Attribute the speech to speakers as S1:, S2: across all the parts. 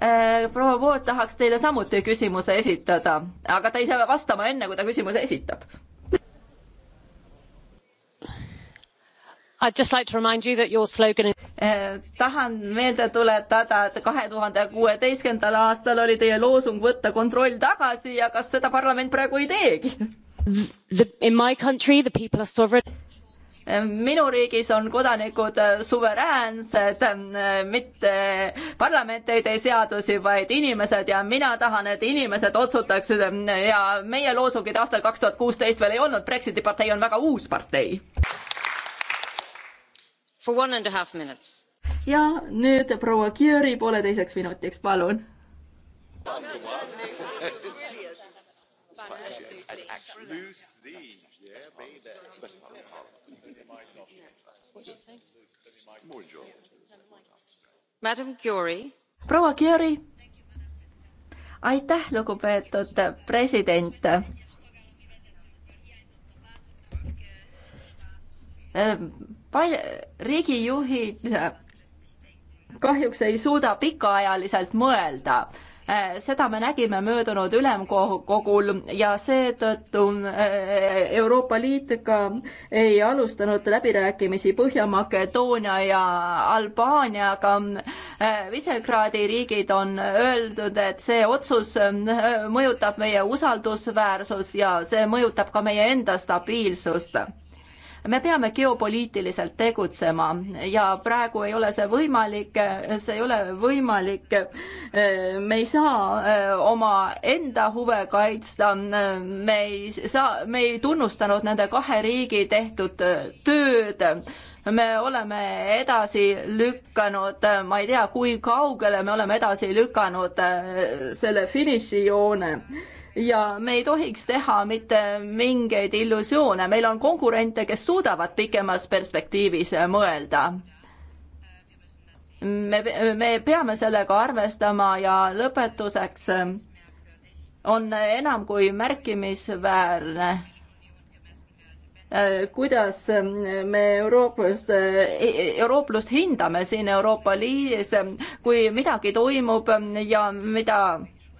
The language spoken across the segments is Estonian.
S1: Eh, proua Vood tahaks teile samuti küsimuse esitada, aga ta ei saa vastama enne, kui ta küsimuse esitab. I'd just like to remind you that your slogan is... Eh, tahan meelde tuletada, et kahe tuhande kuueteistkümnendal aastal oli teie loosung võtta kontroll tagasi ja kas seda parlament praegu ei teegi? In my country the people are sovereign minu riigis on kodanikud äh, suveräänsed, äh, mitte parlament ei tee seadusi, vaid inimesed ja mina tahan, et inimesed otsustaksid äh, ja meie loosungid aastal kaks tuhat kuusteist veel ei olnud, Brexiti partei on väga uus partei. ja nüüd proua Kiöri pooleteiseks minutiks, palun. Lucy, yeah, baby proua Curie. aitäh, lugupeetud president. Ehm, pal-, riigijuhid kahjuks ei suuda pikaajaliselt mõelda Äh, seda me nägime möödunud ülemkogul ja seetõttu äh, Euroopa Liit ka ei alustanud läbirääkimisi Põhja-Makedoonia ja Albaaniaga. Äh, Visegradi riigid on öeldud, et see otsus mõjutab meie usaldusväärsust ja see mõjutab ka meie enda stabiilsust me peame geopoliitiliselt tegutsema ja praegu ei ole see võimalik, see ei ole võimalik. me ei saa eh, omaenda huve kaitsta, me ei saa, me ei tunnustanud nende kahe riigi tehtud eh, tööd me oleme edasi lükanud, eh, ma ei tea, kui kaugele me oleme edasi lükanud selle finišijoone ja me ei tohiks teha mitte mingeid illusioone, meil on konkurente, kes suudavad pikemas perspektiivis mõelda. me, me peame sellega arvestama ja lõpetuseks on enam kui märkimisväärne kuidas me eurooplast, eurooplust hindame siin Euroopa Liidus, kui midagi toimub ja mida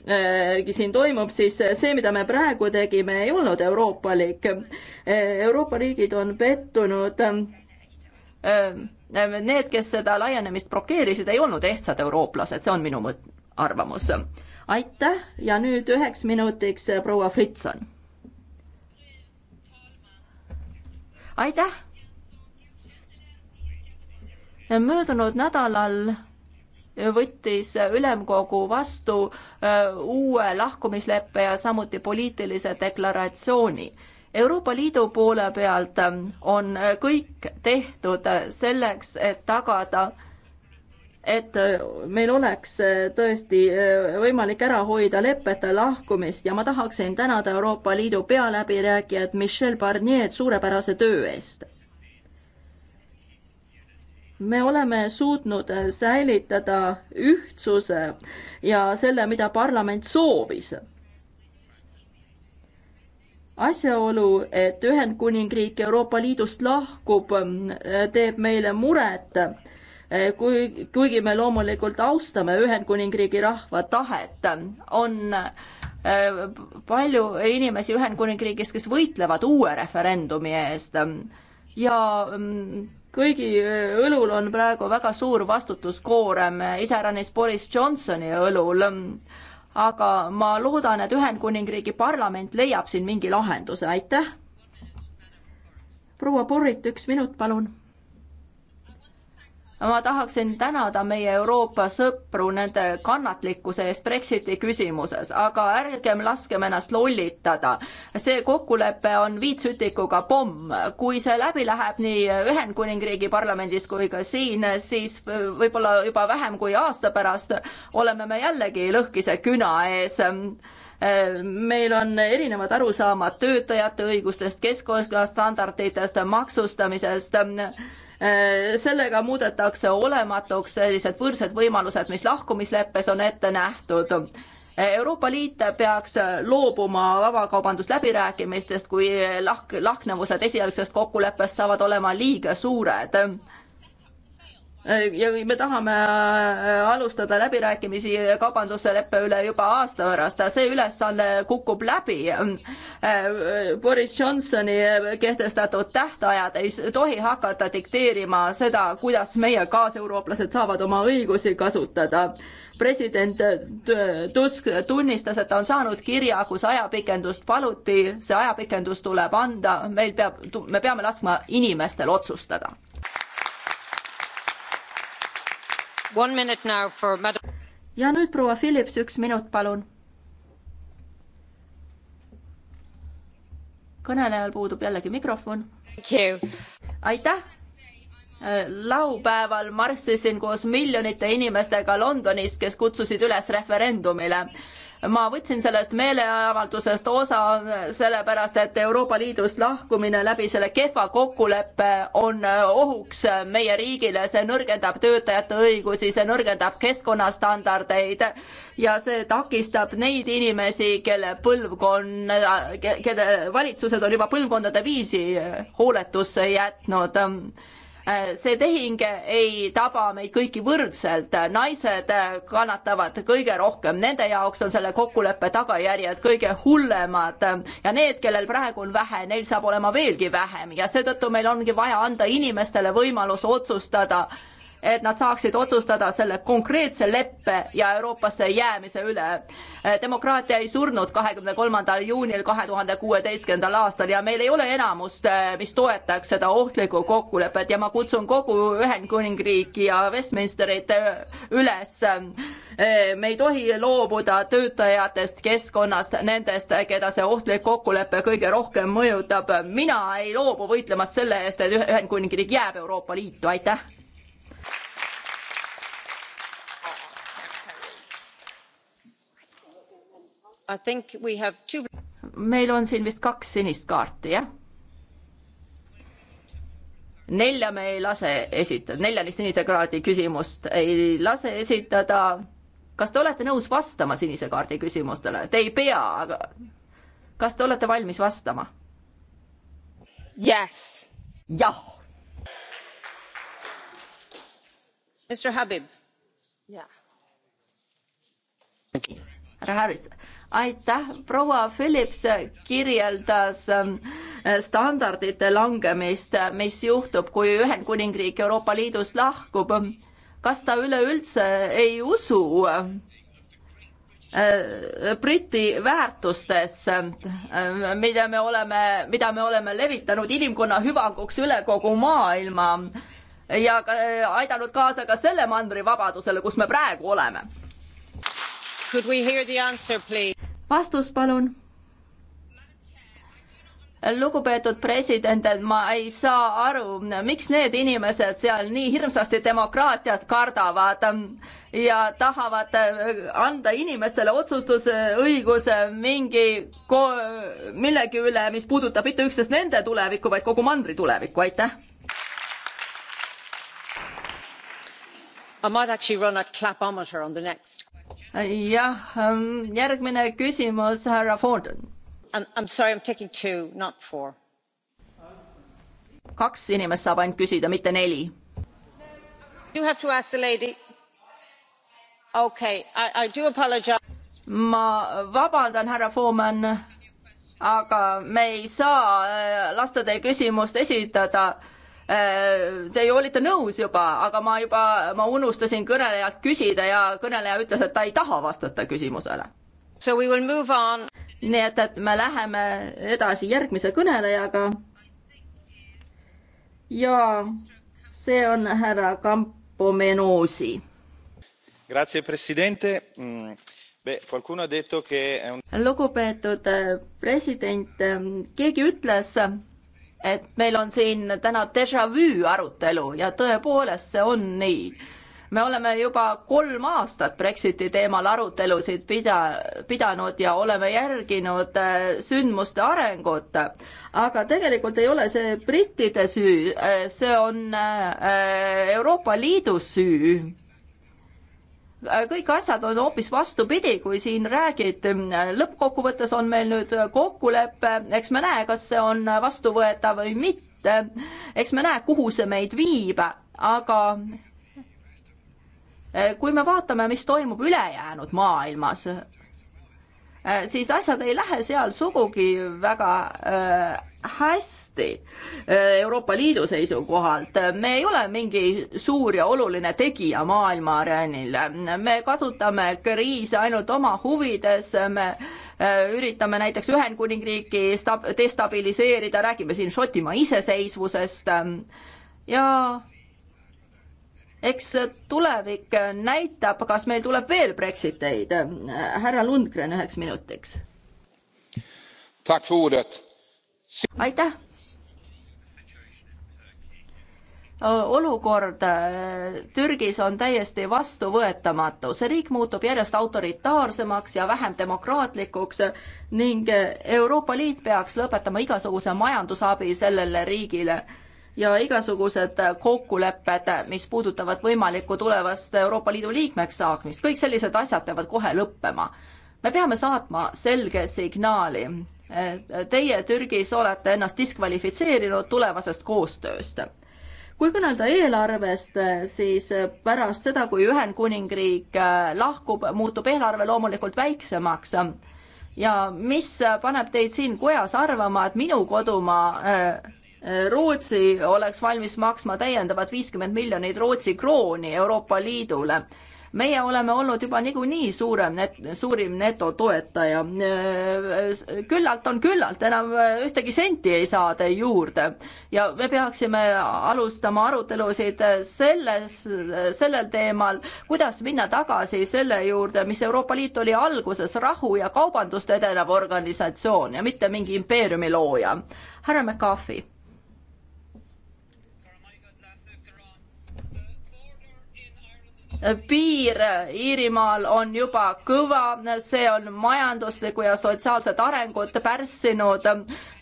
S1: Äh, siin toimub, siis see, mida me praegu tegime, ei olnud euroopalik. Äh, Euroopa riigid on pettunud. Äh, need, kes seda laienemist blokeerisid, ei olnud ehtsad eurooplased, see on minu arvamus. aitäh ja nüüd üheks minutiks proua Fritson. aitäh. möödunud nädalal võttis ülemkogu vastu äh, uue lahkumisleppe ja samuti poliitilise deklaratsiooni. Euroopa Liidu poole pealt äh, on kõik tehtud selleks, et tagada et äh, meil oleks tõesti võimalik ära hoida lepete lahkumist ja ma tahaksin tänada Euroopa Liidu pealäbirääkijat Michel Barnier'd suurepärase töö eest me oleme suutnud äh, säilitada ühtsuse ja selle, mida parlament soovis asjaolu, et Ühendkuningriik Euroopa Liidust lahkub, äh, teeb meile muret, äh, kui, kuigi me loomulikult austame Ühendkuningriigi rahva tahet, on palju inimesi Ühendkuningriigis, kes võitlevad uue referendumi eest ja mm, kõigi e, õlul on praegu väga suur vastutuskoorem, e, iseäranis Boris Johnsoni õlul. aga ma loodan, et Ühendkuningriigi parlament leiab siin mingi lahenduse, aitäh. proua Borrit, üks minut, palun ma tahaksin tänada meie Euroopa sõpru nende kannatlikkuse eest Brexiti küsimuses, aga ärgem laskem ennast lollitada. see kokkulepe on viitsütikuga pomm, kui see läbi läheb nii Ühendkuningriigi parlamendis kui ka siin, siis võib-olla juba vähem kui aasta pärast oleme me jällegi lõhkise küna ees meil on erinevad arusaamad töötajate õigustest, keskkonnastandarditest, maksustamisest Äh, sellega muudetakse olematuks sellised võrdsed võimalused, mis lahkumisleppes on ette nähtud. Äh, Euroopa Liit peaks loobuma vabakaubandusläbirääkimistest, kui lahk, lahknevused esialgsest kokkuleppest saavad olema liiga suured Äh, ja me tahame äh, alustada läbirääkimisi kaubandusleppe üle juba aasta pärast, see ülesanne kukub läbi. Äh, Boris Johnsoni kehtestatud tähtajad ei tohi hakata dikteerima seda, kuidas meie kaaseurooplased saavad oma õigusi kasutada president Tusk tunnistas, et ta on saanud kirja, kus ajapikendust paluti, see ajapikendus tuleb anda, meil peab, me peame laskma inimestel otsustada
S2: For...
S1: ja nüüd proua Phillips, üks minut, palun. kõnelejal puudub jällegi mikrofon. aitäh laupäeval marssisin koos miljonite inimestega Londonis, kes kutsusid üles referendumile ma võtsin sellest meeleavaldusest osa sellepärast, et Euroopa Liidust lahkumine läbi selle kehva kokkuleppe on ohuks meie riigile, see nõrgendab töötajate õigusi, see nõrgendab keskkonnastandardeid ja see takistab neid inimesi, kelle põlvkond, kelle valitsused on juba põlvkondade viisi hooletusse jätnud Äh, see tehing ei taba meid kõiki võrdselt, naised äh, kannatavad kõige rohkem, nende jaoks on selle kokkuleppe tagajärjed kõige hullemad ja need, kellel praegu on vähe, neil saab olema veelgi vähem ja seetõttu meil ongi vaja anda inimestele võimalus otsustada et nad saaksid otsustada selle konkreetse leppe ja Euroopasse jäämise üle. demokraatia ei surnud kahekümne kolmandal juunil kahe tuhande kuueteistkümnendal aastal ja meil ei ole enamust, eh, mis toetaks seda ohtlikku kokkulepet ja ma kutsun kogu Ühendkuningriiki ja Westminsterit eh, üles. Eh, me ei tohi loobuda töötajatest, keskkonnast, nendest, keda see ohtlik kokkulepe kõige rohkem mõjutab. mina ei loobu võitlemast selle eest, et Ühendkuningriik jääb Euroopa Liitu, aitäh Two... meil on siin vist kaks sinist kaarti, jah? nelja me ei lase esitada, neljani sinise kaardi küsimust ei lase esitada. kas te olete nõus vastama sinise kaardi küsimustele? Te ei pea, aga kas te olete valmis vastama? Yes. jah. Mr Habib. jah yeah härra Harris. aitäh, proua Phillips kirjeldas ähm, standardite langemist, mis juhtub, kui Ühendkuningriik Euroopa Liidust lahkub. kas ta üleüldse ei usu äh, Briti väärtustesse, äh, mida me oleme, mida me oleme levitanud inimkonna hüvanguks üle kogu maailma ja ka, äh, aidanud kaasa ka selle mandri vabadusele, kus me praegu oleme vastus, palun lugupeetud president, ma ei saa aru, miks need inimesed seal nii hirmsasti demokraatiat kardavad ja tahavad anda inimestele otsustusõiguse mingi, millegi üle, mis puudutab mitte üksnes nende tulevikku, vaid kogu mandri tulevikku, aitäh. I might actually run a clapometer on the next jah, ähm, järgmine küsimus, härra Forden. I am sorry, I am taking two, not four. kaks inimest saab ainult küsida, mitte neli.
S3: You have to ask the lady. Okay, I, I do
S1: apologize. ma vabandan, härra Fooman, aga me ei saa äh, lasta teil küsimust esitada Äh, te ju olite nõus juba, aga ma juba, ma unustasin kõnelejalt küsida ja kõneleja ütles, et ta ei taha vastata küsimusele. So we will move on. nii et, et me läheme edasi järgmise kõnelejaga. ja see on härra Campo Menosi.
S2: Grazie, mm, eh, president
S1: lugupeetud eh, president, keegi ütles, et meil on siin täna déjà vu arutelu ja tõepoolest see on nii. me oleme juba kolm aastat Brexiti teemal arutelusid pida-, pidanud ja oleme järginud äh, sündmuste arengut, aga tegelikult ei ole see brittide süü, äh, see on äh, Euroopa Liidu süü kõik asjad on hoopis vastupidi, kui siin räägiti. lõppkokkuvõttes on meil nüüd kokkulepe, eks me näe, kas see on vastuvõetav või mitte. eks me näe, kuhu see meid viib, aga kui me vaatame, mis toimub ülejäänud maailmas, Äh, siis asjad ei lähe seal sugugi väga äh, hästi äh, Euroopa Liidu seisukohalt. me ei ole mingi suur ja oluline tegija maailma areenil, me kasutame kriise ainult oma huvides, me üritame näiteks Ühendkuningriiki destabiliseerida, räägime siin Šotimaa iseseisvusest ja eks tulevik näitab, kas meil tuleb veel Brexiteid. härra Lundgren üheks minutiks. aitäh. olukord äh, Türgis on täiesti vastuvõetamatu, see riik muutub järjest autoritaarsemaks ja vähem demokraatlikuks ning Euroopa Liit peaks lõpetama igasuguse majandusabi sellele riigile ja igasugused kokkulepped, mis puudutavad võimalikku tulevast Euroopa Liidu liikmeks saamist, kõik sellised asjad peavad kohe lõppema. me peame saatma selge signaali. Teie Türgis olete ennast diskvalifitseerinud tulevasest koostööst kui kõnelda eelarvest, siis pärast seda, kui Ühendkuningriik lahkub, muutub eelarve loomulikult väiksemaks. ja mis paneb teid siin kojas arvama, et minu kodumaa Rootsi oleks valmis maksma täiendavat viiskümmend miljonit Rootsi krooni Euroopa Liidule. meie oleme olnud juba niikuinii suurem net-, suurim netotoetaja. küllalt on küllalt, enam ühtegi senti ei saada juurde ja me peaksime alustama arutelusid selles, sellel teemal, kuidas minna tagasi selle juurde, mis Euroopa Liit oli alguses, rahu ja kaubandust edenev organisatsioon ja mitte mingi impeeriumi looja. härra McCarthy piir Iirimaal on juba kõva, see on majanduslikku ja sotsiaalset arengut pärssinud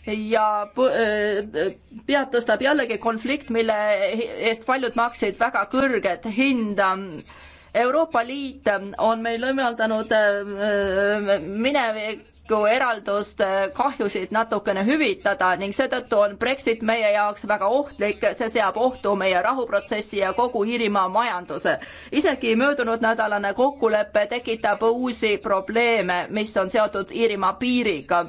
S1: ja pead tõstab jällegi konflikt, mille eest paljud maksid väga kõrget hinda. Euroopa Liit on meil võimaldanud äh, minevik tuleviku eralduste äh, kahjusid natukene hüvitada ning seetõttu on Brexit meie jaoks väga ohtlik, see seab ohtu meie rahuprotsessi ja kogu Iirimaa majanduse. isegi möödunud nädalane kokkulepe tekitab uusi probleeme, mis on seotud Iirimaa piiriga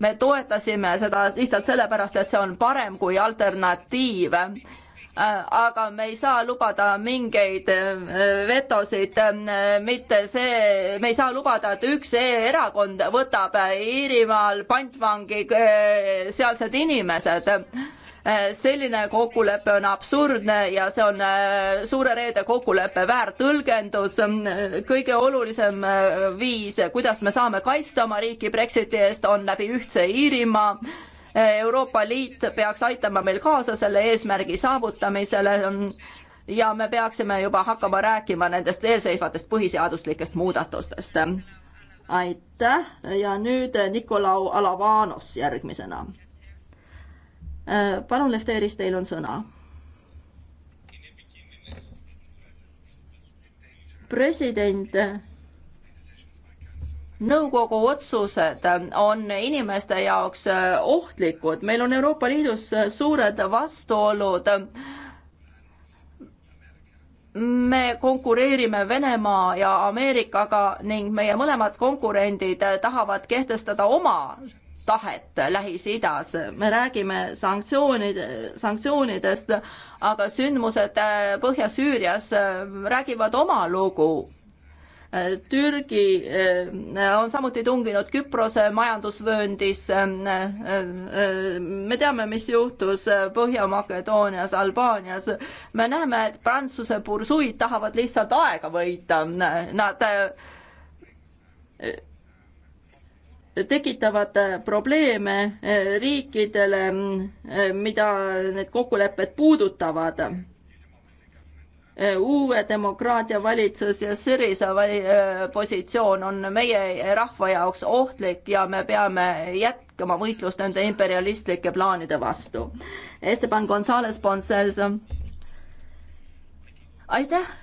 S1: me toetasime seda lihtsalt sellepärast, et see on parem kui alternatiiv Äh, aga me ei saa lubada mingeid äh, vetosid, äh, mitte see, me ei saa lubada, et üks erakond võtab Iirimaal pantvangi sealsed inimesed selline kokkulepe on absurdne ja see on suure reede kokkuleppe väärtõlgendus. kõige olulisem viis, kuidas me saame kaitsta oma riiki Brexiti eest, on läbi ühtse Iirimaa Euroopa Liit peaks aitama meil kaasa selle eesmärgi saavutamisele ja me peaksime juba hakkama rääkima nendest eelseisvatest põhiseaduslikest muudatustest. aitäh ja nüüd Nikolau Alavanos järgmisena. palun, Lefteris, teil on sõna president nõukogu otsused on inimeste jaoks äh, ohtlikud, meil on Euroopa Liidus äh, suured vastuolud. me konkureerime Venemaa ja Ameerikaga ning meie mõlemad konkurendid äh, tahavad kehtestada oma tahet Lähis-Idas, me räägime sanktsioonide, sanktsioonidest, aga sündmused Põhja-Süürias räägivad oma lugu Türgi eh, on samuti tunginud Küprose majandusvööndisse. Eh, eh, me teame, mis juhtus Põhja-Makedoonias, Albaanias. me näeme, et Prantsuse bursuid tahavad lihtsalt aega võita. Nad tekitavad probleeme riikidele, mida need kokkulepped puudutavad Äh, uue demokraatia valitsus ja Syriza vali-, äh, positsioon on meie rahva jaoks ohtlik ja me peame jätkama võitlust nende imperialistlike plaanide vastu. Esteban Gonzalez Ponsel, aitäh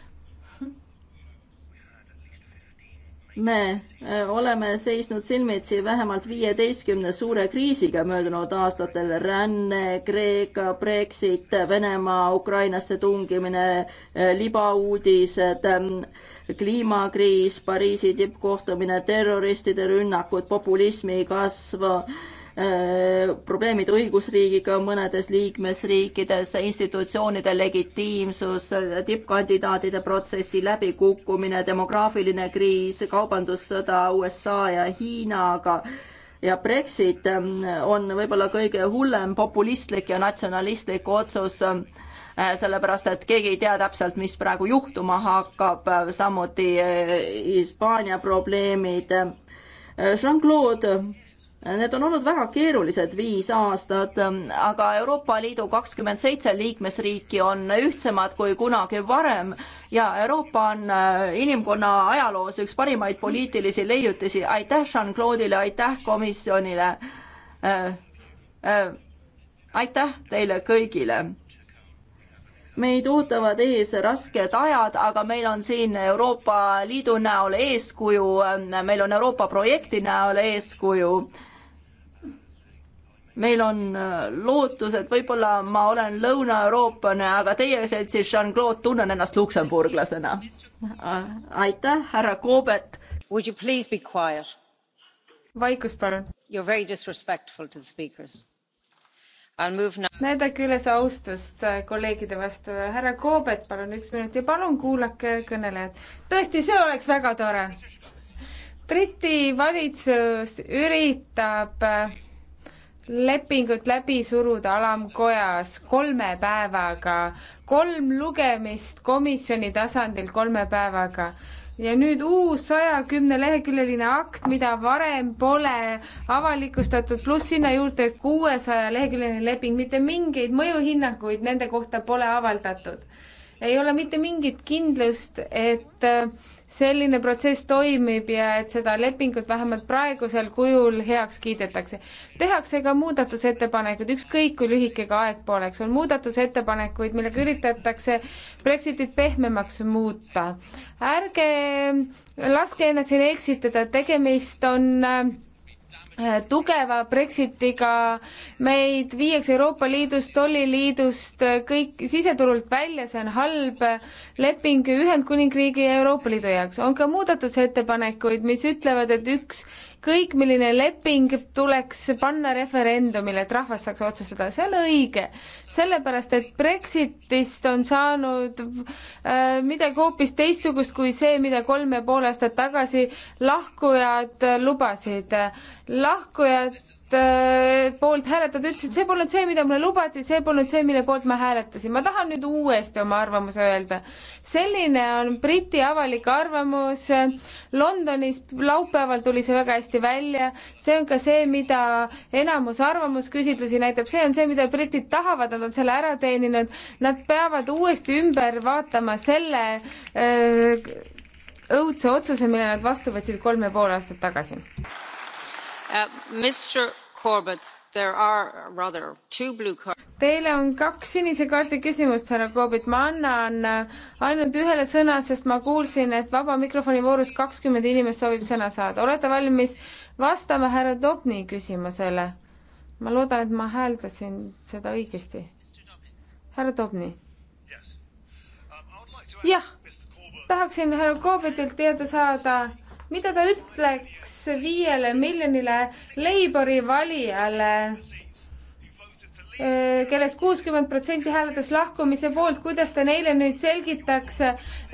S1: me äh, oleme seisnud silmitsi vähemalt viieteistkümne suure kriisiga möödunud aastatel. ränne, Kreeka, Brexit, Venemaa Ukrainasse tungimine, äh, libauudised, ähm, kliimakriis, Pariisi tippkohtumine, terroristide rünnakud, populismi kasv Äh, probleemid õigusriigiga mõnedes liikmesriikides, institutsioonide legitiimsus, tippkandidaatide protsessi läbikukkumine, demograafiline kriis, kaubandussõda USA ja Hiinaga ja Brexit ähm, on võib-olla kõige hullem populistlik ja natsionalistlik otsus, äh, sellepärast et keegi ei tea täpselt, mis praegu juhtuma hakkab, äh, samuti Hispaania probleemid. Jean-Claude Need on olnud väga keerulised viis aastat, aga Euroopa Liidu kakskümmend seitse liikmesriiki on ühtsemad kui kunagi varem ja Euroopa on äh, inimkonna ajaloos üks parimaid poliitilisi leiutisi. aitäh Jean-Claude'ile, aitäh komisjonile. Äh, äh, aitäh teile kõigile. meid ootavad ees rasked ajad, aga meil on siin Euroopa Liidu näol eeskuju, meil on Euroopa projekti näol eeskuju meil on äh, lootus, et võib-olla ma olen Lõuna-Euroopane, aga teie seltsis Jean-Claude tunnen ennast luksemburglasena. aitäh, härra Koobet. Would you please
S3: be quiet? vaikust palun. You are very disrespectful to the speakers. näidake üles austust äh, kolleegide vastu. härra Koobet, palun üks minut ja palun kuulake kõnelejat. tõesti, see oleks väga tore. Briti valitsus üritab äh, lepingut läbi suruda alamkojas kolme päevaga, kolm lugemist komisjoni tasandil kolme päevaga ja nüüd uus saja kümne leheküljeline akt, mida varem pole avalikustatud, pluss sinna juurde kuuesaja leheküljeline leping, mitte mingeid mõjuhinnanguid nende kohta pole avaldatud ei ole mitte mingit kindlust, et äh, selline protsess toimib ja et seda lepingut vähemalt praegusel kujul heaks kiidetakse. tehakse ka muudatusettepanekuid, ükskõik kui lühike ka aeg poleks, on muudatusettepanekuid, millega üritatakse Brexitit pehmemaks muuta. ärge laske ennast siin eksitada, tegemist on äh, Äh, tugeva Brexitiga meid viiakse Euroopa Liidust, tolliliidust, äh, kõik siseturult välja, see on halb leping Ühendkuningriigi ja Euroopa Liidu jaoks. on ka muudatusettepanekuid, mis ütlevad, et üks kõik, milline leping tuleks panna referendumile, et rahvas saaks otsustada, see on õige. sellepärast, et Brexitist on saanud äh, midagi hoopis teistsugust kui see, mida kolm ja pool aastat tagasi lahkujad lubasid. lahkujad Äh, poolt hääletada, ütlesid, see polnud see, mida mulle lubati, see polnud see, mille poolt ma hääletasin. ma tahan nüüd uuesti oma arvamuse öelda. selline on Briti avalik arvamus. Londonis laupäeval tuli see väga hästi välja. see on ka see, mida enamus arvamusküsitlusi näitab, see on see, mida britid tahavad, nad on selle ära teeninud. Nad peavad uuesti ümber vaatama selle öö, äh, õudse otsuse, mille nad vastu võtsid kolm ja pool aastat tagasi uh,. Mr Teile on kaks sinise kaardi küsimust, härra Koobit, ma annan ainult ühele sõna, sest ma kuulsin, et vaba mikrofoni voorus kakskümmend inimest soovib sõna saada. olete valmis vastama härra Dobni küsimusele? ma loodan, et ma hääldasin seda õigesti. härra Dobni. jah, tahaksin härra Koobitilt teada saada mida ta ütleks viiele miljonile Labori valijale, eh, kellest kuuskümmend protsenti hääletas lahkumise poolt, kuidas ta neile nüüd selgitaks,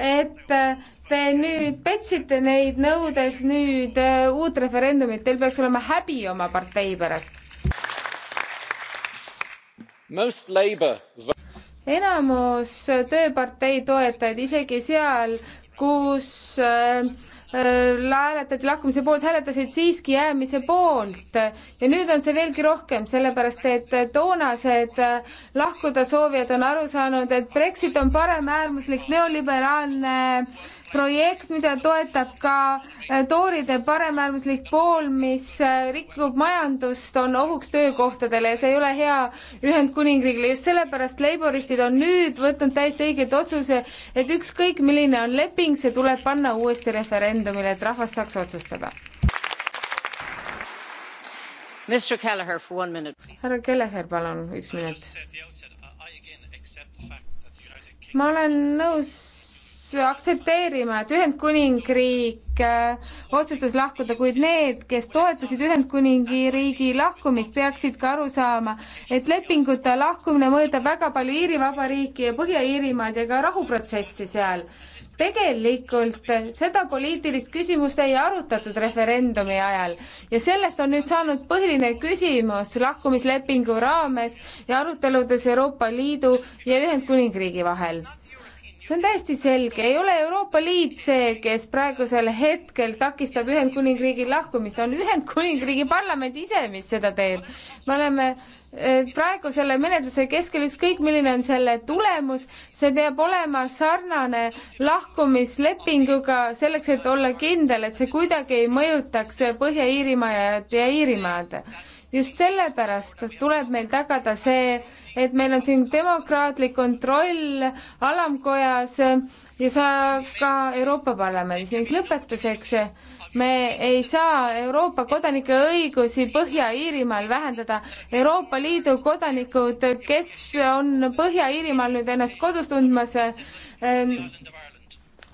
S3: et eh, te nüüd petsite neid, nõudes nüüd eh, uut referendumit, teil peaks olema häbi oma partei pärast. enamus tööpartei toetajaid, isegi seal, kus äh, hääletati äh, lahkumise poolt, hääletasid siiski jäämise poolt. ja nüüd on see veelgi rohkem, sellepärast et toonased äh, lahkuda soovijad on aru saanud, et Brexit on paremäärmuslik neoliberaalne äh, projekt, mida toetab ka äh, tooride paremäärmuslik pool, mis äh, rikub majandust, on ohuks töökohtadele ja see ei ole hea Ühendkuningriigile. just sellepärast leiboristid on nüüd võtnud täiesti õiget otsuse, et ükskõik, milline on leping, see tuleb panna uuesti referendumile, et rahvas saaks otsustada.
S2: härra
S3: Kelleher, palun üks minut. ma olen nõus aktsepteerima, et Ühendkuningriik äh, otsustas lahkuda, kuid need, kes toetasid Ühendkuningriigi lahkumist, peaksid ka aru saama, et lepinguta lahkumine mõjutab väga palju Iiri Vabariiki ja Põhja-Iirimaad ja ka rahuprotsessi seal. tegelikult seda poliitilist küsimust ei arutatud referendumi ajal ja sellest on nüüd saanud põhiline küsimus lahkumislepingu raames ja aruteludes Euroopa Liidu ja Ühendkuningriigi vahel see on täiesti selge, ei ole Euroopa Liit see, kes praegusel hetkel takistab Ühendkuningriigi lahkumist, on Ühendkuningriigi parlament ise, mis seda teeb. me oleme eh, praegu selle menetluse keskel, ükskõik milline on selle tulemus, see peab olema sarnane lahkumislepinguga selleks, et olla kindel, et see kuidagi ei mõjutaks Põhja-Iirimaa ja Iirimaad just sellepärast tuleb meil tagada see, et meil on siin demokraatlik kontroll alamkojas ja sa ka Euroopa Parlamendis ning lõpetuseks me ei saa Euroopa kodanike õigusi Põhja-Iirimaal vähendada. Euroopa Liidu kodanikud, kes on Põhja-Iirimaal nüüd ennast kodus tundmas, ähm,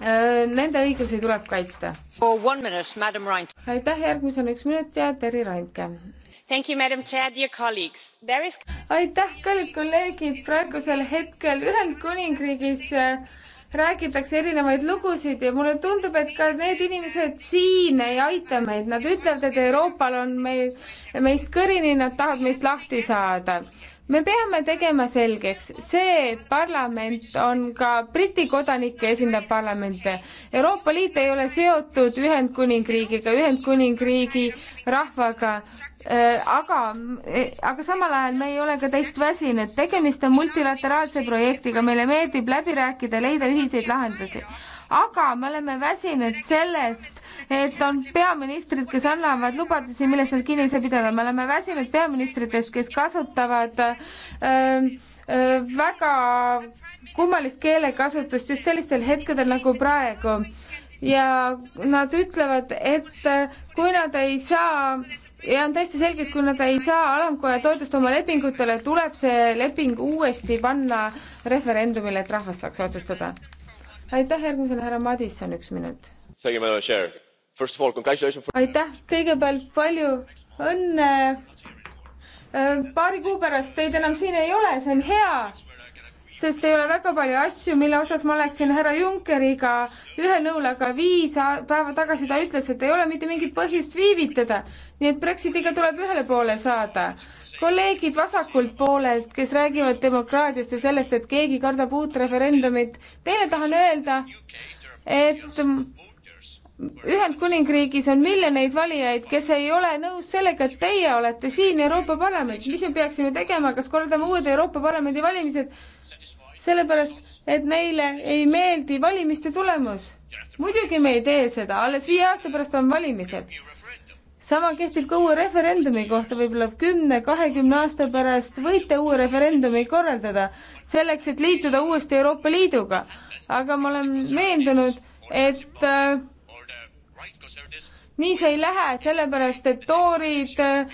S3: äh, nende õigusi tuleb kaitsta. aitäh, järgmisena üks minut ja Terri Randke Is... aitäh, kallid kolleegid, praegusel hetkel Ühendkuningriigis äh, räägitakse erinevaid lugusid ja mulle tundub, et ka need inimesed siin ei aita meid, nad ütlevad, et Euroopal on meil, meist kõrini, nad tahavad meist lahti saada. me peame tegema selgeks, see parlament on ka Briti kodanikke esindav parlament. Euroopa Liit ei ole seotud Ühendkuningriigiga, Ühendkuningriigi rahvaga. Äh, aga, äh, aga samal ajal me ei ole ka teist väsinud, tegemist on multilateraalse projektiga, meile meeldib läbi rääkida, leida ühiseid lahendusi. aga me oleme väsinud sellest, et on peaministrid, kes annavad lubadusi, millest nad kinni ei saa pidada, me oleme väsinud peaministritest, kes kasutavad öö, ähm, öö, äh, väga kummalist keelekasutust just sellistel hetkedel nagu praegu ja nad ütlevad, et kui nad ei saa ja on täiesti selge, et kui nad ei saa alamkoja toetust oma lepingutele, tuleb see leping uuesti panna referendumile, et rahvas saaks otsustada. aitäh, järgmisena härra Madisson, üks minut. aitäh, kõigepealt palju õnne. Äh, paari kuu pärast teid enam siin ei ole, see on hea sest ei ole väga palju asju, mille osas ma oleksin härra Junckeriga ühe nõul, aga viis päeva tagasi ta ütles, et ei ole mitte mingit põhjust viivitada nii et Brexitiga tuleb ühele poole saada. kolleegid vasakult poolelt, kes räägivad demokraatiast ja sellest, et keegi kardab uut referendumit, teile tahan öelda, et Ühendkuningriigis on miljoneid valijaid, kes ei ole nõus sellega, et teie olete siin Euroopa Parlamendis, mis me peaksime tegema, kas korraldame uued Euroopa Parlamendi valimised, sellepärast et neile ei meeldi valimiste tulemus. muidugi me ei tee seda, alles viie aasta pärast on valimised sama kehtib ka uue referendumi kohta, võib-olla kümne, kahekümne aasta pärast võite uue referendumi korraldada selleks, et liituda uuesti Euroopa Liiduga. aga ma olen veendunud, et äh, nii see ei lähe, sellepärast et toorid äh,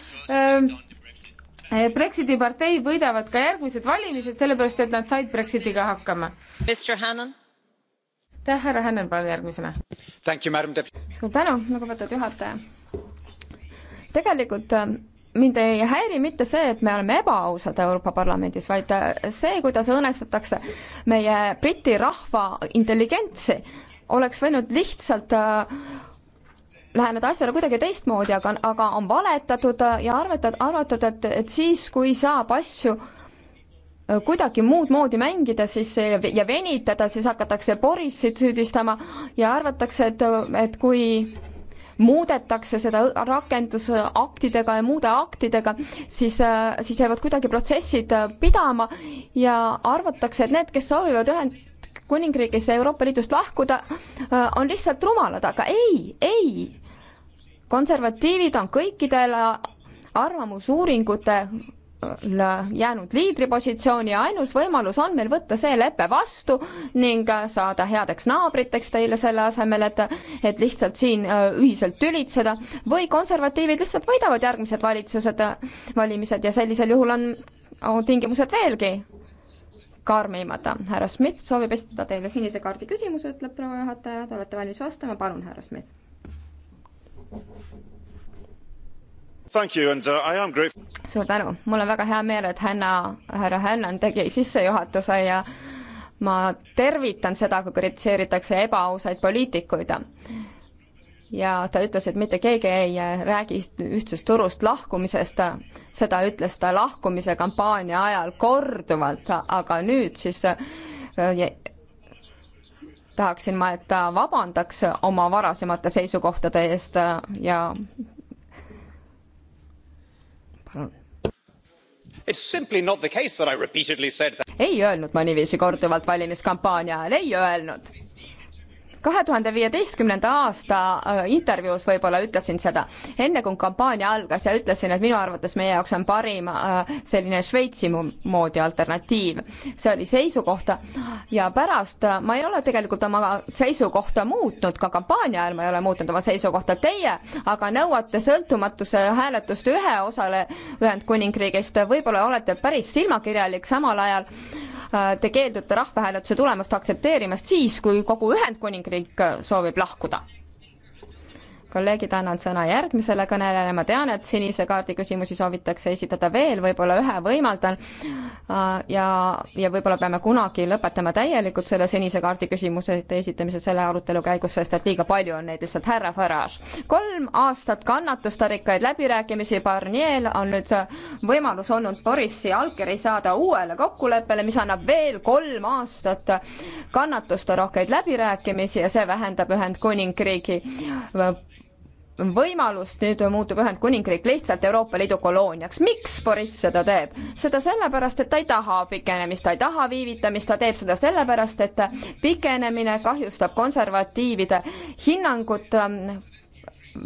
S3: äh Brexiti partei võidavad ka järgmised valimised, sellepärast et nad said Brexitiga hakkama.
S2: aitäh,
S3: härra Hännen, palun järgmisena. suur tänu, lugupeetud juhataja
S2: tegelikult äh, mind ei häiri mitte see, et me oleme ebaausad Euroopa Parlamendis, vaid äh, see, kuidas õõnestatakse meie Briti rahva intelligentsi, oleks võinud lihtsalt äh, läheneda asjale kuidagi teistmoodi, aga, aga on valetatud ja arvatud, arvatud, et, et siis, kui saab asju kuidagi muud moodi mängida, siis ja venitada, siis hakatakse Borisit süüdistama ja arvatakse, et, et kui muudetakse seda rakendusaktidega ja muude aktidega, siis, äh, siis jäävad kuidagi protsessid äh, pidama ja arvatakse, et need, kes soovivad ühend-, kuningriigis Euroopa Liidust lahkuda, äh, on lihtsalt rumalad, aga ei, ei. konservatiivid on kõikidele arvamusuuringute jäänud liidripositsiooni ja ainus võimalus on meil võtta see lepe vastu ning äh, saada headeks naabriteks teile selle asemel, et, et lihtsalt siin äh, ühiselt tülitseda või konservatiivid lihtsalt võidavad järgmised valitsused, äh, valimised ja sellisel juhul on, on tingimused veelgi karmimad. härra Schmidt soovib esitada teile sinise kaardi küsimuse, ütleb proua juhataja, te olete valmis vastama, palun, härra Schmidt.
S1: Uh,
S2: suur tänu, mul on väga hea meel, et Hanna, härra Hännan tegi sissejuhatuse ja ma tervitan seda, kui kritiseeritakse ebaausaid poliitikuid. ja ta ütles, et mitte keegi ei räägi ühtsest turust lahkumisest, seda ütles ta lahkumise kampaania ajal korduvalt, aga nüüd siis äh, tahaksin ma, et ta vabandaks oma varasemate seisukohtade eest ja ei öelnud ma niiviisi korduvalt valimiskampaania ajal, ei öelnud kahe tuhande viieteistkümnenda aasta äh, intervjuus võib-olla ütlesin seda, enne kui kampaania algas ja ütlesin, et minu arvates meie jaoks on parim äh, selline Šveitsi moodi alternatiiv. see oli seisukoht ja pärast äh, ma ei ole tegelikult oma seisukohta muutnud, ka kampaania ajal ma ei ole muutnud oma seisukohta, teie aga nõuate sõltumatuse hääletust ühe osale Ühendkuningriigist, võib-olla olete päris silmakirjalik, samal ajal te keeldute rahvahääletuse tulemust aktsepteerimast siis, kui kogu Ühendkuningriik Ühendkuningriik soovib lahkuda kolleegid, annan sõna järgmisele kõnelejale, ma tean, et sinise kaardi küsimusi soovitakse esitada veel, võib-olla ühe võimaldan, äh, ja, ja võib-olla peame kunagi lõpetama täielikult selle sinise kaardi küsimuse esitamise selle arutelu käigus, sest et liiga palju on neid lihtsalt, härra Farage. kolm aastat kannatustarikaid läbirääkimisi, Barnier on nüüd võimalus olnud Borissi allkiri saada uuele kokkuleppele, mis annab veel kolm aastat kannatusterohkeid läbirääkimisi ja see vähendab Ühendkuningriigi võimalust, nüüd muutub Ühendkuningriik lihtsalt Euroopa Liidu kolooniaks. miks Boris seda teeb? seda sellepärast, et ta ei taha pikenemist, ta ei taha viivitamist, ta teeb seda sellepärast, et pikenemine kahjustab konservatiivide hinnangut ähm,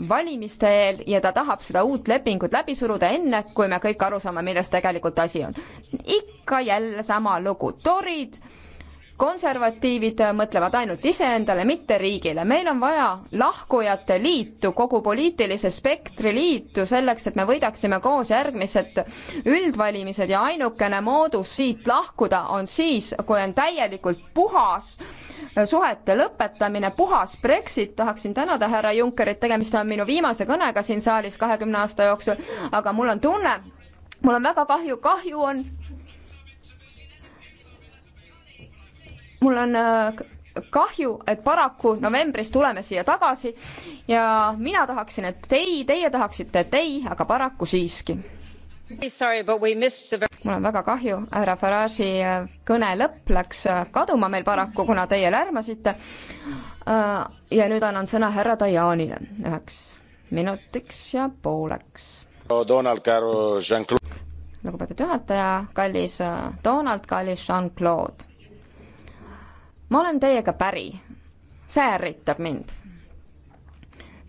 S2: valimiste eel ja ta tahab seda uut lepingut läbi suruda enne, kui me kõik aru saame, milles tegelikult asi on. ikka jälle sama lugu, torid konservatiivid mõtlevad ainult iseendale, mitte riigile. meil on vaja lahkujate liitu, kogu poliitilise spektri liitu, selleks et me võidaksime koos järgmised üldvalimised ja ainukene moodus siit lahkuda on siis, kui on täielikult puhas suhete lõpetamine, puhas Brexit, tahaksin tänada härra Junckerit, tegemist on minu viimase kõnega siin saalis kahekümne aasta jooksul, aga mul on tunne, mul on väga kahju, kahju on mul on äh, kahju, et paraku novembris tuleme siia tagasi ja mina tahaksin, et ei, teie tahaksite, et ei, aga paraku siiski. mul on väga kahju, härra Farage'i äh, kõne lõpp läks äh, kaduma meil paraku, kuna teie lärmasite. ja nüüd annan sõna härra Dajanile üheks minutiks ja pooleks. lugupeetud juhataja, kallis Donald, kallis Jean-Claude ma olen teiega päri, see ärritab mind.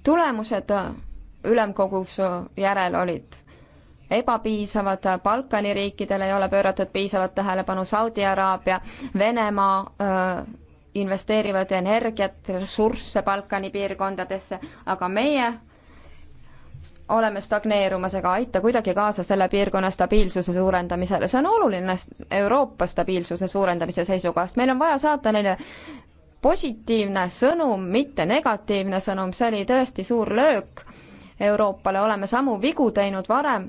S2: tulemused äh, ülemkogus äh, järel olid ebapiisavad, Balkani riikidel ei ole pööratud piisavat tähelepanu, Saudi Araabia, Venemaa äh, investeerivad energiat, ressursse Balkani piirkondadesse, aga meie äh, oleme stagneerumas ega aita kuidagi kaasa selle piirkonna stabiilsuse suurendamisele. see on oluline Euroopa stabiilsuse suurendamise seisukohast, meil on vaja saata neile positiivne sõnum, mitte negatiivne sõnum, see oli tõesti suur löök Euroopale, oleme samu vigu teinud varem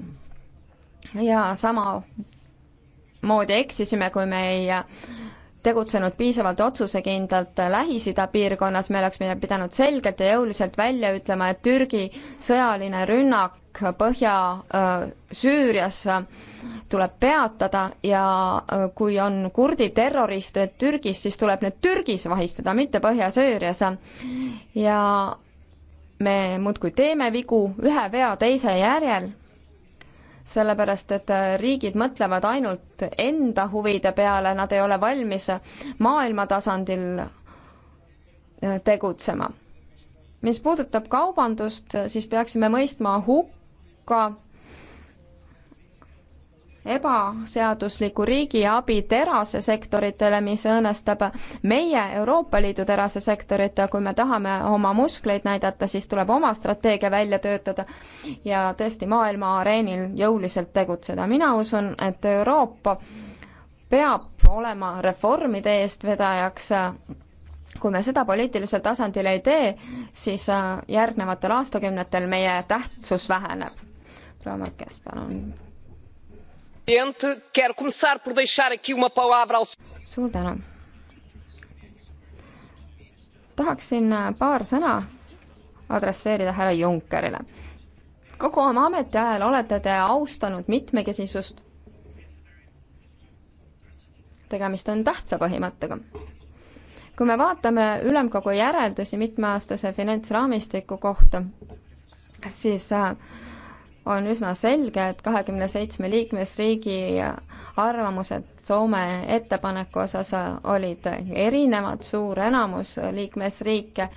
S2: ja samamoodi eksisime, kui me ei tegutsenud piisavalt otsusekindlalt Lähis-Ida piirkonnas, me oleksime pidanud selgelt ja jõuliselt välja ütlema, et Türgi sõjaline rünnak Põhja-Süürias äh, äh, tuleb peatada ja äh, kui on kurdi terroriste Türgis, siis tuleb need Türgis vahistada, mitte Põhja-Süürias. ja me muudkui teeme vigu ühe vea teise järjel sellepärast et äh, riigid mõtlevad ainult enda huvide peale, nad ei ole valmis maailma tasandil äh, tegutsema. mis puudutab kaubandust, siis peaksime mõistma hukka ebaseadusliku riigiabi terasesektoritele, mis õõnestab meie Euroopa Liidu terasesektorit ja kui me tahame oma muskleid näidata, siis tuleb oma strateegia välja töötada ja tõesti maailma areenil jõuliselt tegutseda. mina usun, et Euroopa peab olema reformide eestvedajaks kui me seda poliitilisel tasandil ei tee, siis järgnevatel aastakümnetel meie tähtsus väheneb. proua Markes, palun suur tänu. tahaksin äh, paar sõna adresseerida härra Junckerile. kogu oma ametiajal olete te austanud mitmekesisust. tegemist on tähtsa põhimõttega. kui me vaatame ülemkogu järeldusi mitmeaastase finantsraamistiku kohta, siis äh, on üsna selge, et kahekümne seitsme liikmesriigi arvamused Soome ettepaneku osas olid erinevad, suur enamus liikmesriike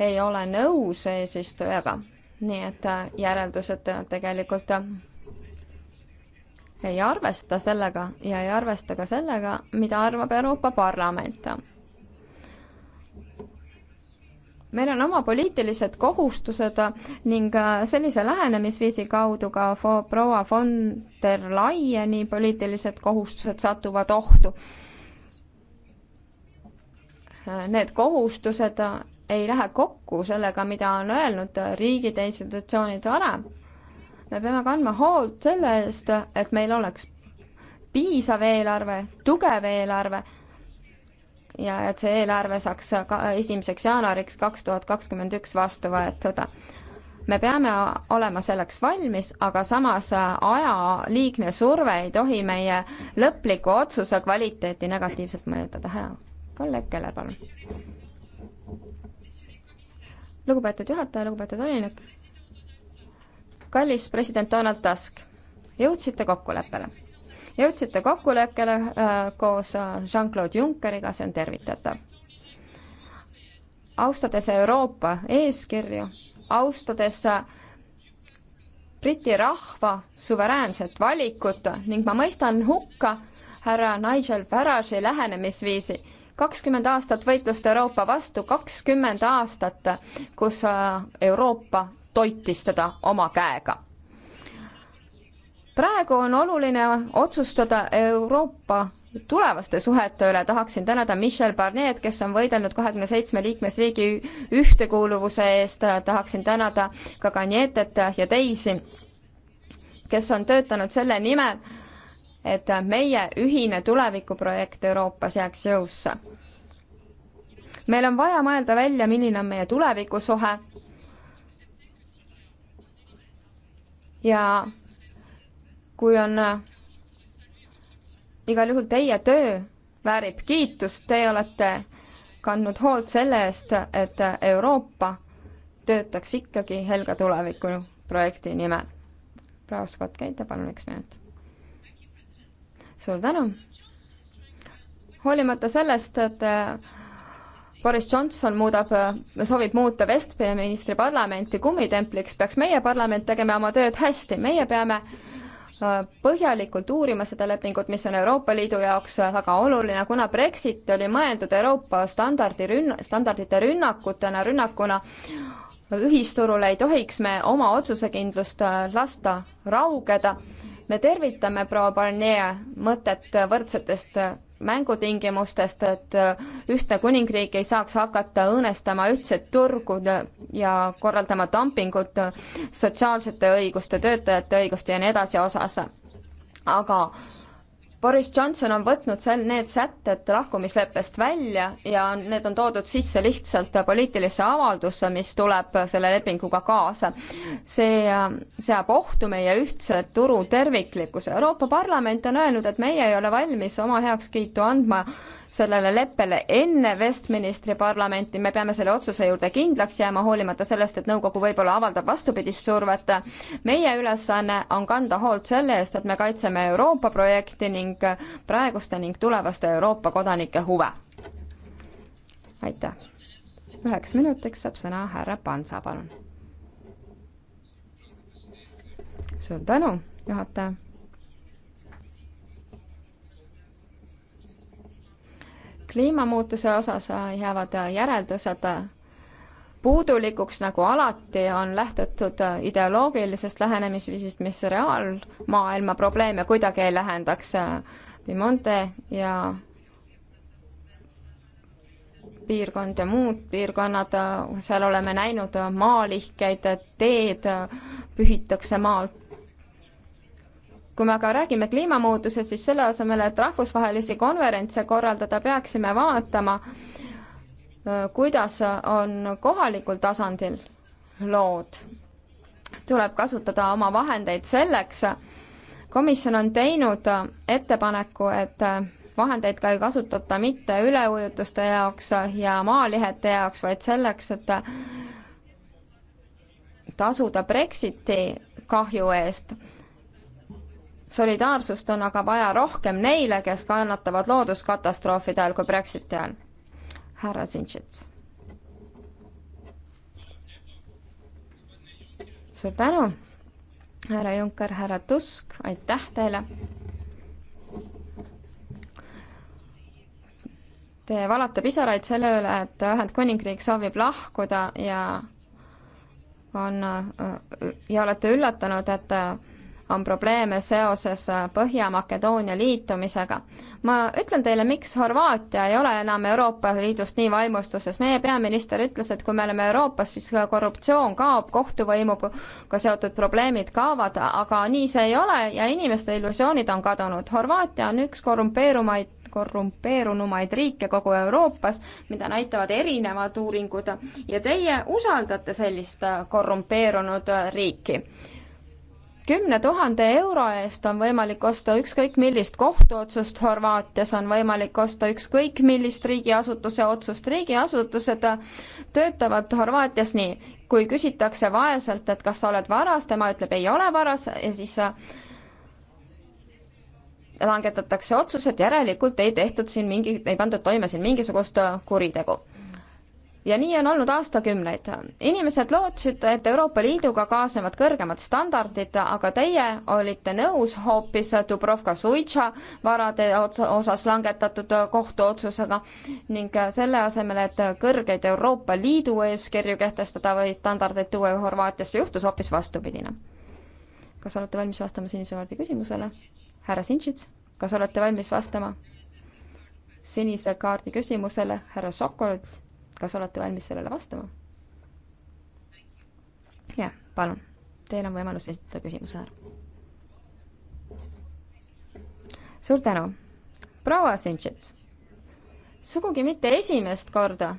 S2: ei ole nõus eesistujaga. nii et järeldused tegelikult ei arvesta sellega ja ei arvesta ka sellega, mida arvab Euroopa Parlament meil on oma poliitilised kohustused ning äh, sellise lähenemisviisi kaudu ka proua von der Leyeni poliitilised kohustused satuvad ohtu. Äh, need kohustused äh, ei lähe kokku sellega, mida on öelnud riigid ja institutsioonid varem. me peame kandma hoolt selle eest, et meil oleks piisav eelarve, tugev eelarve ja et see eelarve saaks ka esimeseks jaanuariks kaks tuhat kakskümmend üks vastu võetud. me peame olema selleks valmis, aga samas aja liigne surve ei tohi meie lõpliku otsuse kvaliteeti negatiivselt mõjutada. hea, kolleeg Keller, palun. lugupeetud juhataja, lugupeetud volinik. kallis president Donald Tusk, jõudsite kokkuleppele jõudsite kokkuleppele äh, koos äh, Jean-Claude Junckeriga, see on tervitatav. austades Euroopa eeskirju, austades äh, Briti rahva suveräänset valikut ning ma mõistan hukka härra Nigel Farage'i lähenemisviisi kakskümmend aastat võitlust Euroopa vastu, kakskümmend aastat, kus Euroopa toitis teda oma käega praegu on oluline otsustada Euroopa tulevaste suhete üle, tahaksin tänada Michel Barnet, kes on võidelnud kahekümne seitsme liikmesriigi ühtekuuluvuse eest, tahaksin tänada ka Kanietet ja teisi, kes on töötanud selle nimel, et meie ühine tulevikuprojekt Euroopas jääks jõusse. meil on vaja mõelda välja, milline on meie tulevikusuhe ja kui on äh, igal juhul teie töö väärib kiitust, teie olete kandnud hoolt selle eest, et Euroopa töötaks ikkagi helge tuleviku projekti nimel. proua Scott Keita, palun üks minut. suur tänu. hoolimata sellest, et äh, Boris Johnson muudab, äh, soovib muuta Vestministri parlamenti kummitempliks, peaks meie parlament tegema oma tööd hästi, meie peame äh, põhjalikult uurima seda lepingut, mis on Euroopa Liidu jaoks väga oluline, kuna Brexit oli mõeldud Euroopa standardi rünn-, standardite rünnakutena, rünnakuna, ühisturul ei tohiks me oma otsusekindlust äh, lasta raugeda. me tervitame proua Barnier mõtet võrdsetest mängutingimustest, et äh, ühtne kuningriik ei saaks hakata õõnestama ühtset turgu ja korraldama dumpingut sotsiaalsete õiguste, töötajate õiguste ja nii edasi osas. aga Boris Johnson on võtnud seal need sätted lahkumisleppest välja ja need on toodud sisse lihtsalt poliitilisse avaldusse, mis tuleb selle lepinguga kaasa. see seab ohtu meie ühtse turu terviklikkuse. Euroopa Parlament on öelnud, et meie ei ole valmis oma heakskiitu andma sellele leppele enne Westministri parlamenti, me peame selle otsuse juurde kindlaks jääma, hoolimata sellest, et nõukogu võib-olla avaldab vastupidist survet. meie ülesanne on kanda hoolt selle eest, et me kaitseme Euroopa projekti ning praeguste ning tulevaste Euroopa kodanike huve. aitäh. üheks minutiks saab sõna härra Pansa, palun. suur tänu, juhataja kliimamuutuse osas jäävad järeldused puudulikuks, nagu alati on lähtutud ideoloogilisest lähenemisviisist, mis reaalmaailma probleeme kuidagi ei lähendaks. Piemonte ja piirkond ja muud piirkonnad, seal oleme näinud maalihkeid, teed pühitakse maalt kui me aga räägime kliimamuutusest, siis selle asemel, et rahvusvahelisi konverentse korraldada, peaksime vaatama, äh, kuidas on kohalikul tasandil lood. tuleb kasutada oma vahendeid selleks, komisjon on teinud ettepaneku, et vahendeid ka ei kasutata mitte üleujutuste jaoks ja maalihete jaoks, vaid selleks, et tasuda Brexiti kahju eest solidaarsust on aga vaja rohkem neile, kes kannatavad looduskatastroofide ajal kui Brexiti ajal. härra Sinšits. suur tänu, härra Juncker, härra Tusk, aitäh teile. Te valate pisaraid selle üle, et Ühendkuningriik soovib lahkuda ja on ja olete üllatanud, et on probleeme seoses äh, Põhja-Makedoonia liitumisega. ma ütlen teile, miks Horvaatia ei ole enam Euroopa Liidust nii vaimustuses. meie peaminister ütles, et kui me oleme Euroopas, siis korruptsioon kaob, kohtuvõimuga seotud probleemid kaovad, aga nii see ei ole ja inimeste illusioonid on kadunud. Horvaatia on üks korrumpeerumaid korrumpeerunumaid riike kogu Euroopas, mida näitavad erinevad uuringud ja teie usaldate sellist äh, korrumpeerunud riiki kümne tuhande euro eest on võimalik osta ükskõik millist kohtuotsust Horvaatias, on võimalik osta ükskõik millist riigiasutuse otsust. riigiasutused töötavad Horvaatias nii, kui küsitakse vaeselt, et kas sa oled varas, tema ütleb, ei ole varas ja siis äh, langetatakse otsus, et järelikult ei tehtud siin mingi, ei pandud toime siin mingisugust äh, kuritegu ja nii on olnud aastakümneid. inimesed lootsid, et Euroopa Liiduga kaasnevad kõrgemad standardid, aga teie olite nõus hoopis Dubrovka suitša varade osas langetatud kohtuotsusega ning selle asemel, et kõrgeid Euroopa Liidu eeskirju kehtestada või standardeid tuua Horvaatiasse, juhtus hoopis vastupidine. kas olete valmis vastama sinise kaardi küsimusele? härra Sinšits, kas olete valmis vastama sinise kaardi küsimusele härra Sokolilt? kas olete valmis sellele vastama? jah, palun, teil on võimalus esitada küsimuse ära. suur tänu, proua Sinšits. sugugi mitte esimest korda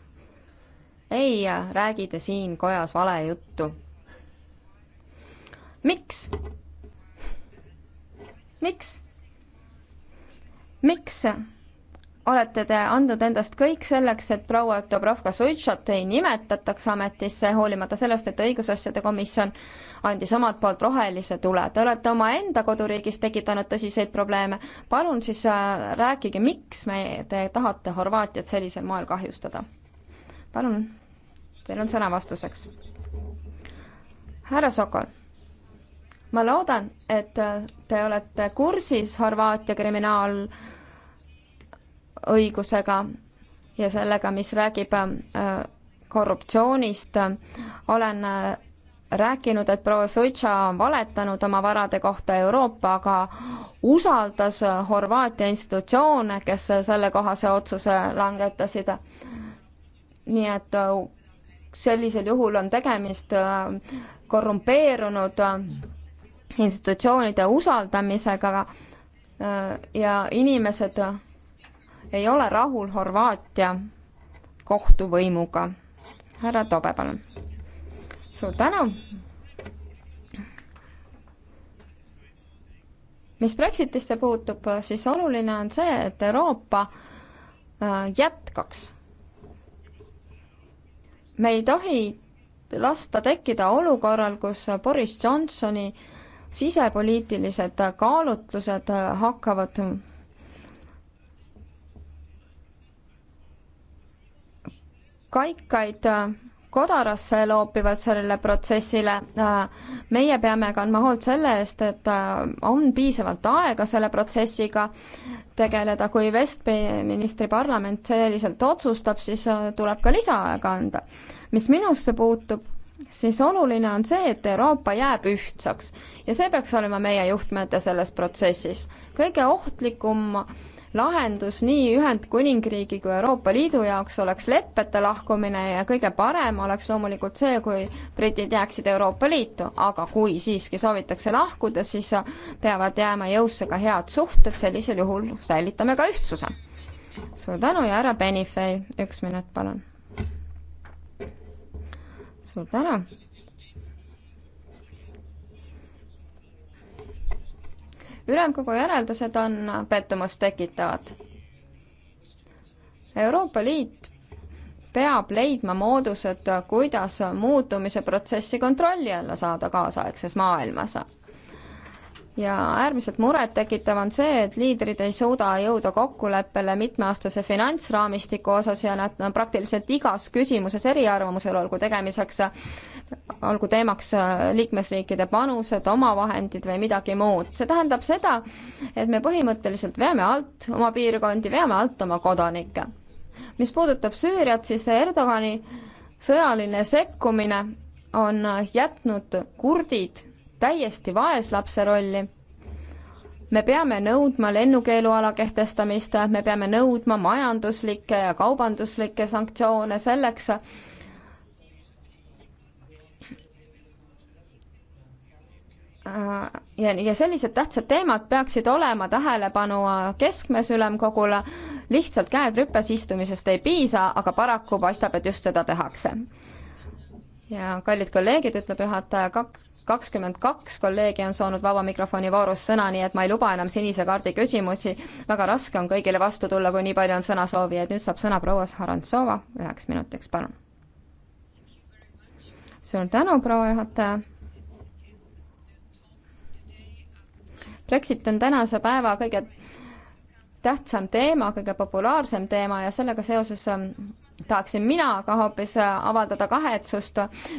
S2: ei räägi te siin kojas valejuttu. miks? miks? miks? olete te andnud endast kõik selleks, et proua Dobrovka Suitšot ei nimetataks ametisse, hoolimata sellest, et õigusasjade komisjon andis omalt poolt rohelise tule. Te olete omaenda koduriigis tekitanud tõsiseid probleeme. palun siis äh, rääkige, miks me, te tahate Horvaatiat sellisel moel kahjustada? palun, teil on sõna vastuseks. härra Sokol, ma loodan, et äh, te olete kursis Horvaatia kriminaal- õigusega ja sellega, mis räägib äh, korruptsioonist. olen äh, rääkinud, et proua Suitša on valetanud oma varade kohta Euroopa, aga usaldas Horvaatia institutsioone, kes sellekohase otsuse langetasid. nii et äh, sellisel juhul on tegemist korrumpeerunud institutsioonide usaldamisega ja inimesed ei ole rahul Horvaatia kohtuvõimuga. härra Tobe, palun. suur tänu. mis Brexitisse puutub, siis oluline on see, et Euroopa äh, jätkaks. me ei tohi lasta tekkida olukorral, kus Boris Johnsoni sisepoliitilised kaalutlused hakkavad kaikaid äh, kodarasse loopivad sellele protsessile. Äh, meie peame kandma hoolt selle eest, et äh, on piisavalt aega selle protsessiga tegeleda, kui vestministri parlament selliselt otsustab, siis tuleb ka lisaaega anda. mis minusse puutub, siis oluline on see, et Euroopa jääb ühtsaks ja see peaks olema meie juhtmete selles protsessis. kõige ohtlikum äh, lahendus nii Ühendkuningriigi kui Euroopa Liidu jaoks oleks leppeta lahkumine ja kõige parem oleks loomulikult see, kui britid jääksid Euroopa Liitu, aga kui siiski soovitakse lahkuda, siis peavad jääma jõusse ka head suhted, sellisel juhul säilitame ka ühtsuse. suur tänu ja härra Benifei, üks minut, palun. suur tänu ülemkogu järeldused on pettumust tekitavad. Euroopa Liit peab leidma moodused, kuidas muutumise protsessi kontrolli alla saada kaasaegses maailmas ja äärmiselt murettekitav on see, et liidrid ei suuda jõuda kokkuleppele mitmeaastase finantsraamistiku osas ja nad on praktiliselt igas küsimuses eriarvamusel, olgu tegemiseks, olgu teemaks äh, liikmesriikide panused, omavahendid või midagi muud. see tähendab seda, et me põhimõtteliselt veame alt oma piirkondi, veame alt oma kodanikke. mis puudutab Süüriat, siis Erdogani sõjaline sekkumine on jätnud kurdid täiesti vaeslapse rolli. me peame nõudma lennukeeluala kehtestamist, me peame nõudma majanduslikke ja kaubanduslikke sanktsioone selleks, äh, ja, ja sellised tähtsad teemad peaksid olema tähelepanu keskmes ülemkogule, lihtsalt käed rüpes istumisest ei piisa, aga paraku paistab, et just seda tehakse ja kallid kolleegid, ütleb juhataja, kaks, kakskümmend kaks kolleegi on saanud vaba mikrofoni voorus sõna, nii et ma ei luba enam sinise kaardi küsimusi. väga raske on kõigile vastu tulla, kui nii palju on sõnasoovijaid, nüüd saab sõna proua Harantsova üheks minutiks, palun. suur tänu, proua juhataja. Brexit on tänase päeva kõige tähtsam teema, kõige populaarsem teema ja sellega seoses ähm, tahaksin mina ka hoopis äh, avaldada kahetsust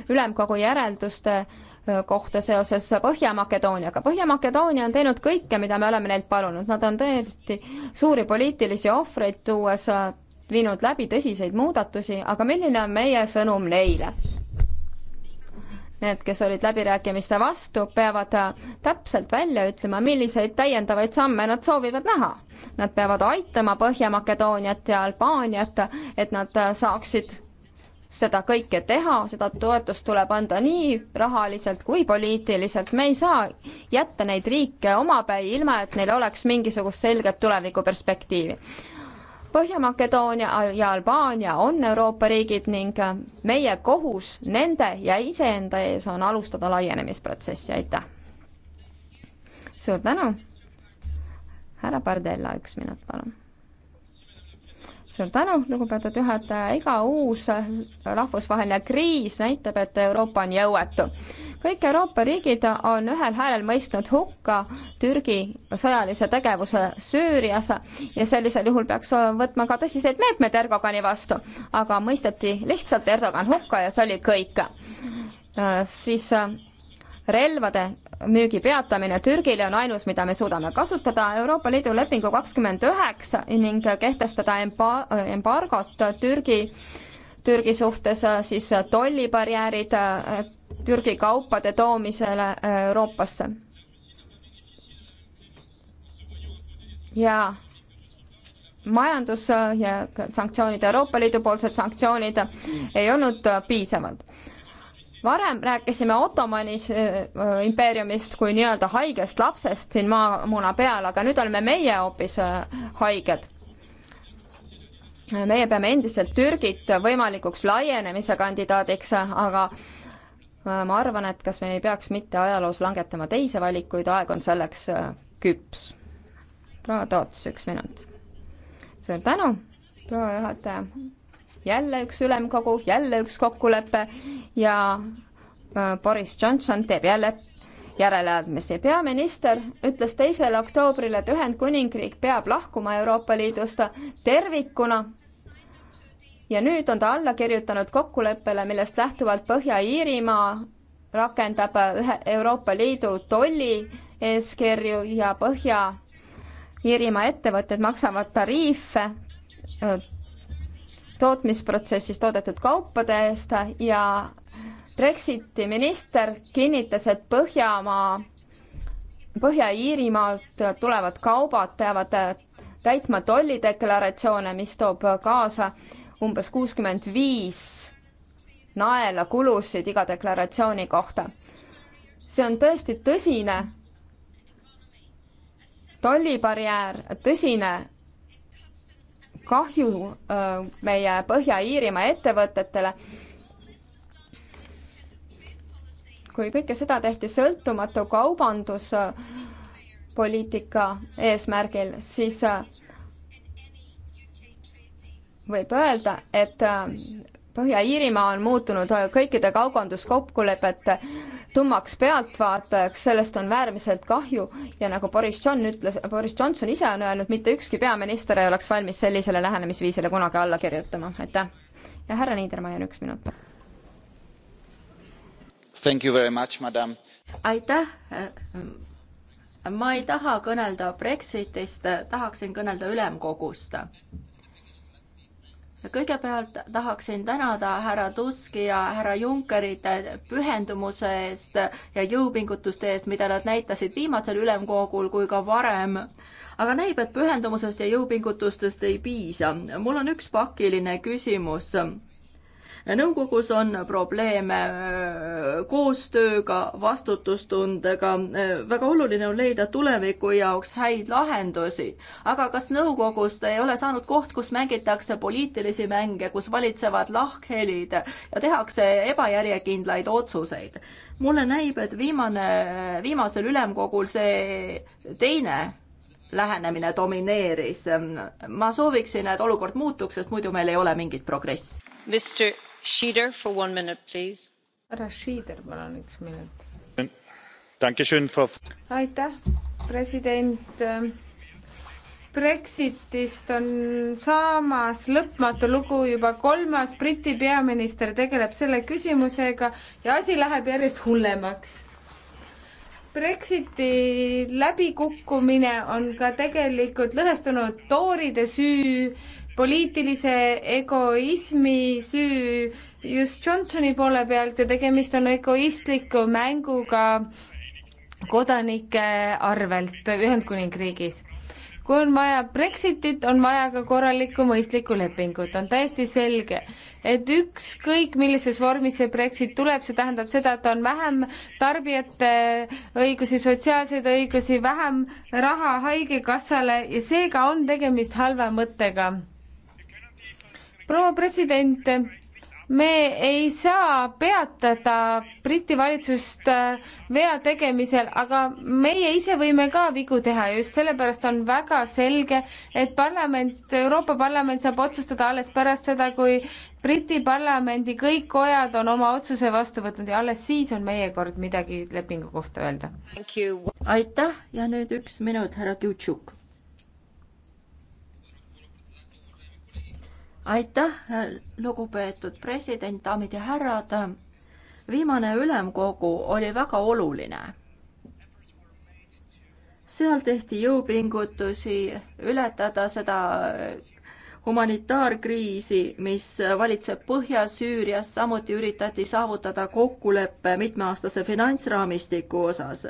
S2: ülemkogu järelduste äh, kohta seoses Põhja-Makedooniaga. Põhja-Makedoonia on teinud kõike, mida me oleme neilt palunud, nad on tõesti suuri poliitilisi ohvreid tuues äh, viinud läbi tõsiseid muudatusi, aga milline on meie sõnum neile? Need, kes olid läbirääkimiste vastu, peavad äh, täpselt välja ütlema, milliseid täiendavaid samme nad soovivad näha. Nad peavad aitama Põhja-Makedooniat ja Albaaniat, et nad äh, saaksid seda kõike teha, seda toetust tuleb anda nii rahaliselt kui poliitiliselt, me ei saa jätta neid riike omapäi, ilma et neil oleks mingisugust selget tulevikuperspektiivi. Põhja-Makedoonia ja Albaania on Euroopa riigid ning meie kohus nende ja iseenda ees on alustada laienemisprotsessi, aitäh! suur tänu! härra Pardella, üks minut, palun. suur tänu, lugupeetud juhataja, iga uus rahvusvaheline kriis näitab, et Euroopa on jõuetu kõik Euroopa riigid on ühel häälel mõistnud hukka Türgi sõjalise tegevuse Süürias ja sellisel juhul peaks võtma ka tõsiseid meetmeid Erdogani vastu, aga mõisteti lihtsalt Erdogan hukka ja see oli kõik. Äh, siis äh, relvade müügi peatamine Türgile on ainus, mida me suudame kasutada Euroopa Liidu lepingu kakskümmend üheksa ning kehtestada emba-, embargot Türgi Türgi suhtes äh, siis tollibarjäärid, Türgi kaupade toomisele äh, Euroopasse. ja majandus ja sanktsioonid, Euroopa Liidu poolsed sanktsioonid ei olnud piisavad. varem rääkisime Ottomanis äh, äh, impeeriumist kui nii-öelda haigest lapsest siin maamuna peal, aga nüüd oleme meie hoopis äh, haiged meie peame endiselt Türgit võimalikuks laienemise kandidaadiks, aga äh, Äh, ma arvan, et kas me ei peaks mitte ajaloos langetama teisi valikuid, aeg on selleks äh, küps. proua Toots, üks minut. suur tänu, proua juhataja. jälle üks ülemkogu, jälle üks kokkulepe ja äh, Boris Johnson teeb jälle järeleandmisi. peaminister ütles teisel oktoobril, et Ühendkuningriik peab lahkuma Euroopa Liidust tervikuna ja nüüd on ta alla kirjutanud kokkuleppele, millest lähtuvalt Põhja-Iirimaa rakendab ühe Euroopa Liidu tollieeskirju ja Põhja-Iirimaa ettevõtted maksavad tariife tootmisprotsessis toodetud kaupade eest ja Brexiti minister kinnitas, et Põhjamaa, Põhja-Iirimaalt tulevad kaubad peavad täitma tollideklaratsioone, mis toob kaasa umbes kuuskümmend viis naela kulusid iga deklaratsiooni kohta. see on tõesti tõsine tollibarjäär, tõsine kahju äh, meie Põhja-Iirimaa ettevõtetele. kui kõike seda tehti sõltumatu kaubanduspoliitika eesmärgil, siis äh, võib öelda, et äh, Põhja-Iirimaa on muutunud äh, kõikide kaubanduskokkulepete tummaks pealtvaatajaks, sellest on väärmiselt kahju ja nagu Boris John ütles, Boris Johnson ise on öelnud, mitte ükski peaminister ei oleks valmis sellisele lähenemisviisile kunagi alla kirjutama, aitäh. ja härra
S1: Niedermayer, üks minut. aitäh ma ei taha kõnelda Brexitist, tahaksin kõnelda ülemkogust kõigepealt tahaksin tänada härra Tuski ja härra Junckerit pühendumuse eest ja jõupingutuste eest, mida nad näitasid viimasel ülemkogul kui ka varem. aga näib, et pühendumusest ja jõupingutustest ei piisa. mul on üks pakiline küsimus nõukogus on probleeme äh, koostööga, vastutustundega, äh, väga oluline on leida tuleviku jaoks häid lahendusi. aga kas nõukogust ei ole saanud koht, kus mängitakse poliitilisi mänge, kus valitsevad lahkhelid ja tehakse ebajärjekindlaid otsuseid? mulle näib, et viimane, viimasel ülemkogul see teine lähenemine domineeris. ma sooviksin, et olukord muutuks, sest muidu meil ei ole mingit progressi
S3: härra Schieder, palun üks minut. aitäh, president. Brexitist on saamas lõpmatu lugu juba kolmas, Briti peaminister tegeleb selle küsimusega ja asi läheb järjest hullemaks Brexiti läbikukkumine on ka tegelikult lõhestunud tooride süü poliitilise egoismi süü just Johnsoni poole pealt ja tegemist on egoistliku mänguga kodanike arvelt Ühendkuningriigis. kui on vaja Brexitit, on vaja ka korralikku mõistlikku lepingut, on täiesti selge, et ükskõik millises vormis see Brexit tuleb, see tähendab seda, et on vähem tarbijate õigusi, sotsiaalseid õigusi, vähem raha Haigekassale ja seega on tegemist halva mõttega proua president, me ei saa peatada Briti valitsust äh, vea tegemisel, aga meie ise võime ka vigu teha ja just sellepärast on väga selge, et parlament, Euroopa Parlament saab otsustada alles pärast seda, kui Briti parlamendi kõik kojad on oma otsuse vastu võtnud ja alles siis on meie kord midagi lepingu kohta öelda. aitäh
S1: ja nüüd üks minut, härra Kiutšuk aitäh, lugupeetud president, daamid ja härrad. viimane ülemkogu oli väga oluline. seal tehti jõupingutusi ületada seda humanitaarkriisi, mis valitseb Põhja-Süürias, samuti üritati saavutada kokkulepe mitmeaastase finantsraamistiku osas.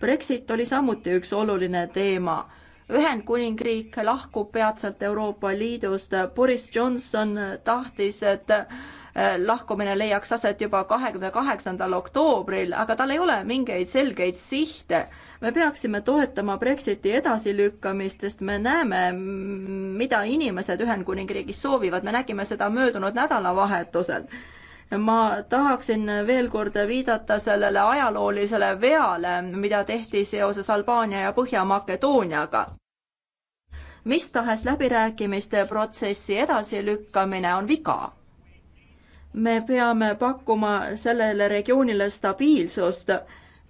S1: Brexit oli samuti üks oluline teema Ühendkuningriik lahkub peatselt Euroopa Liidust, Boris Johnson tahtis, et äh, lahkumine leiaks aset juba kahekümne kaheksandal oktoobril, aga tal ei ole mingeid selgeid sihte. me peaksime toetama Brexiti edasilükkamist, sest me näeme, mida inimesed Ühendkuningriigis soovivad, me nägime seda möödunud nädalavahetusel ma tahaksin veel kord viidata sellele ajaloolisele veale, mida tehti seoses Albaania ja Põhja-Makedooniaga. mis tahes läbirääkimiste protsessi edasilükkamine on viga. me peame pakkuma sellele regioonile stabiilsust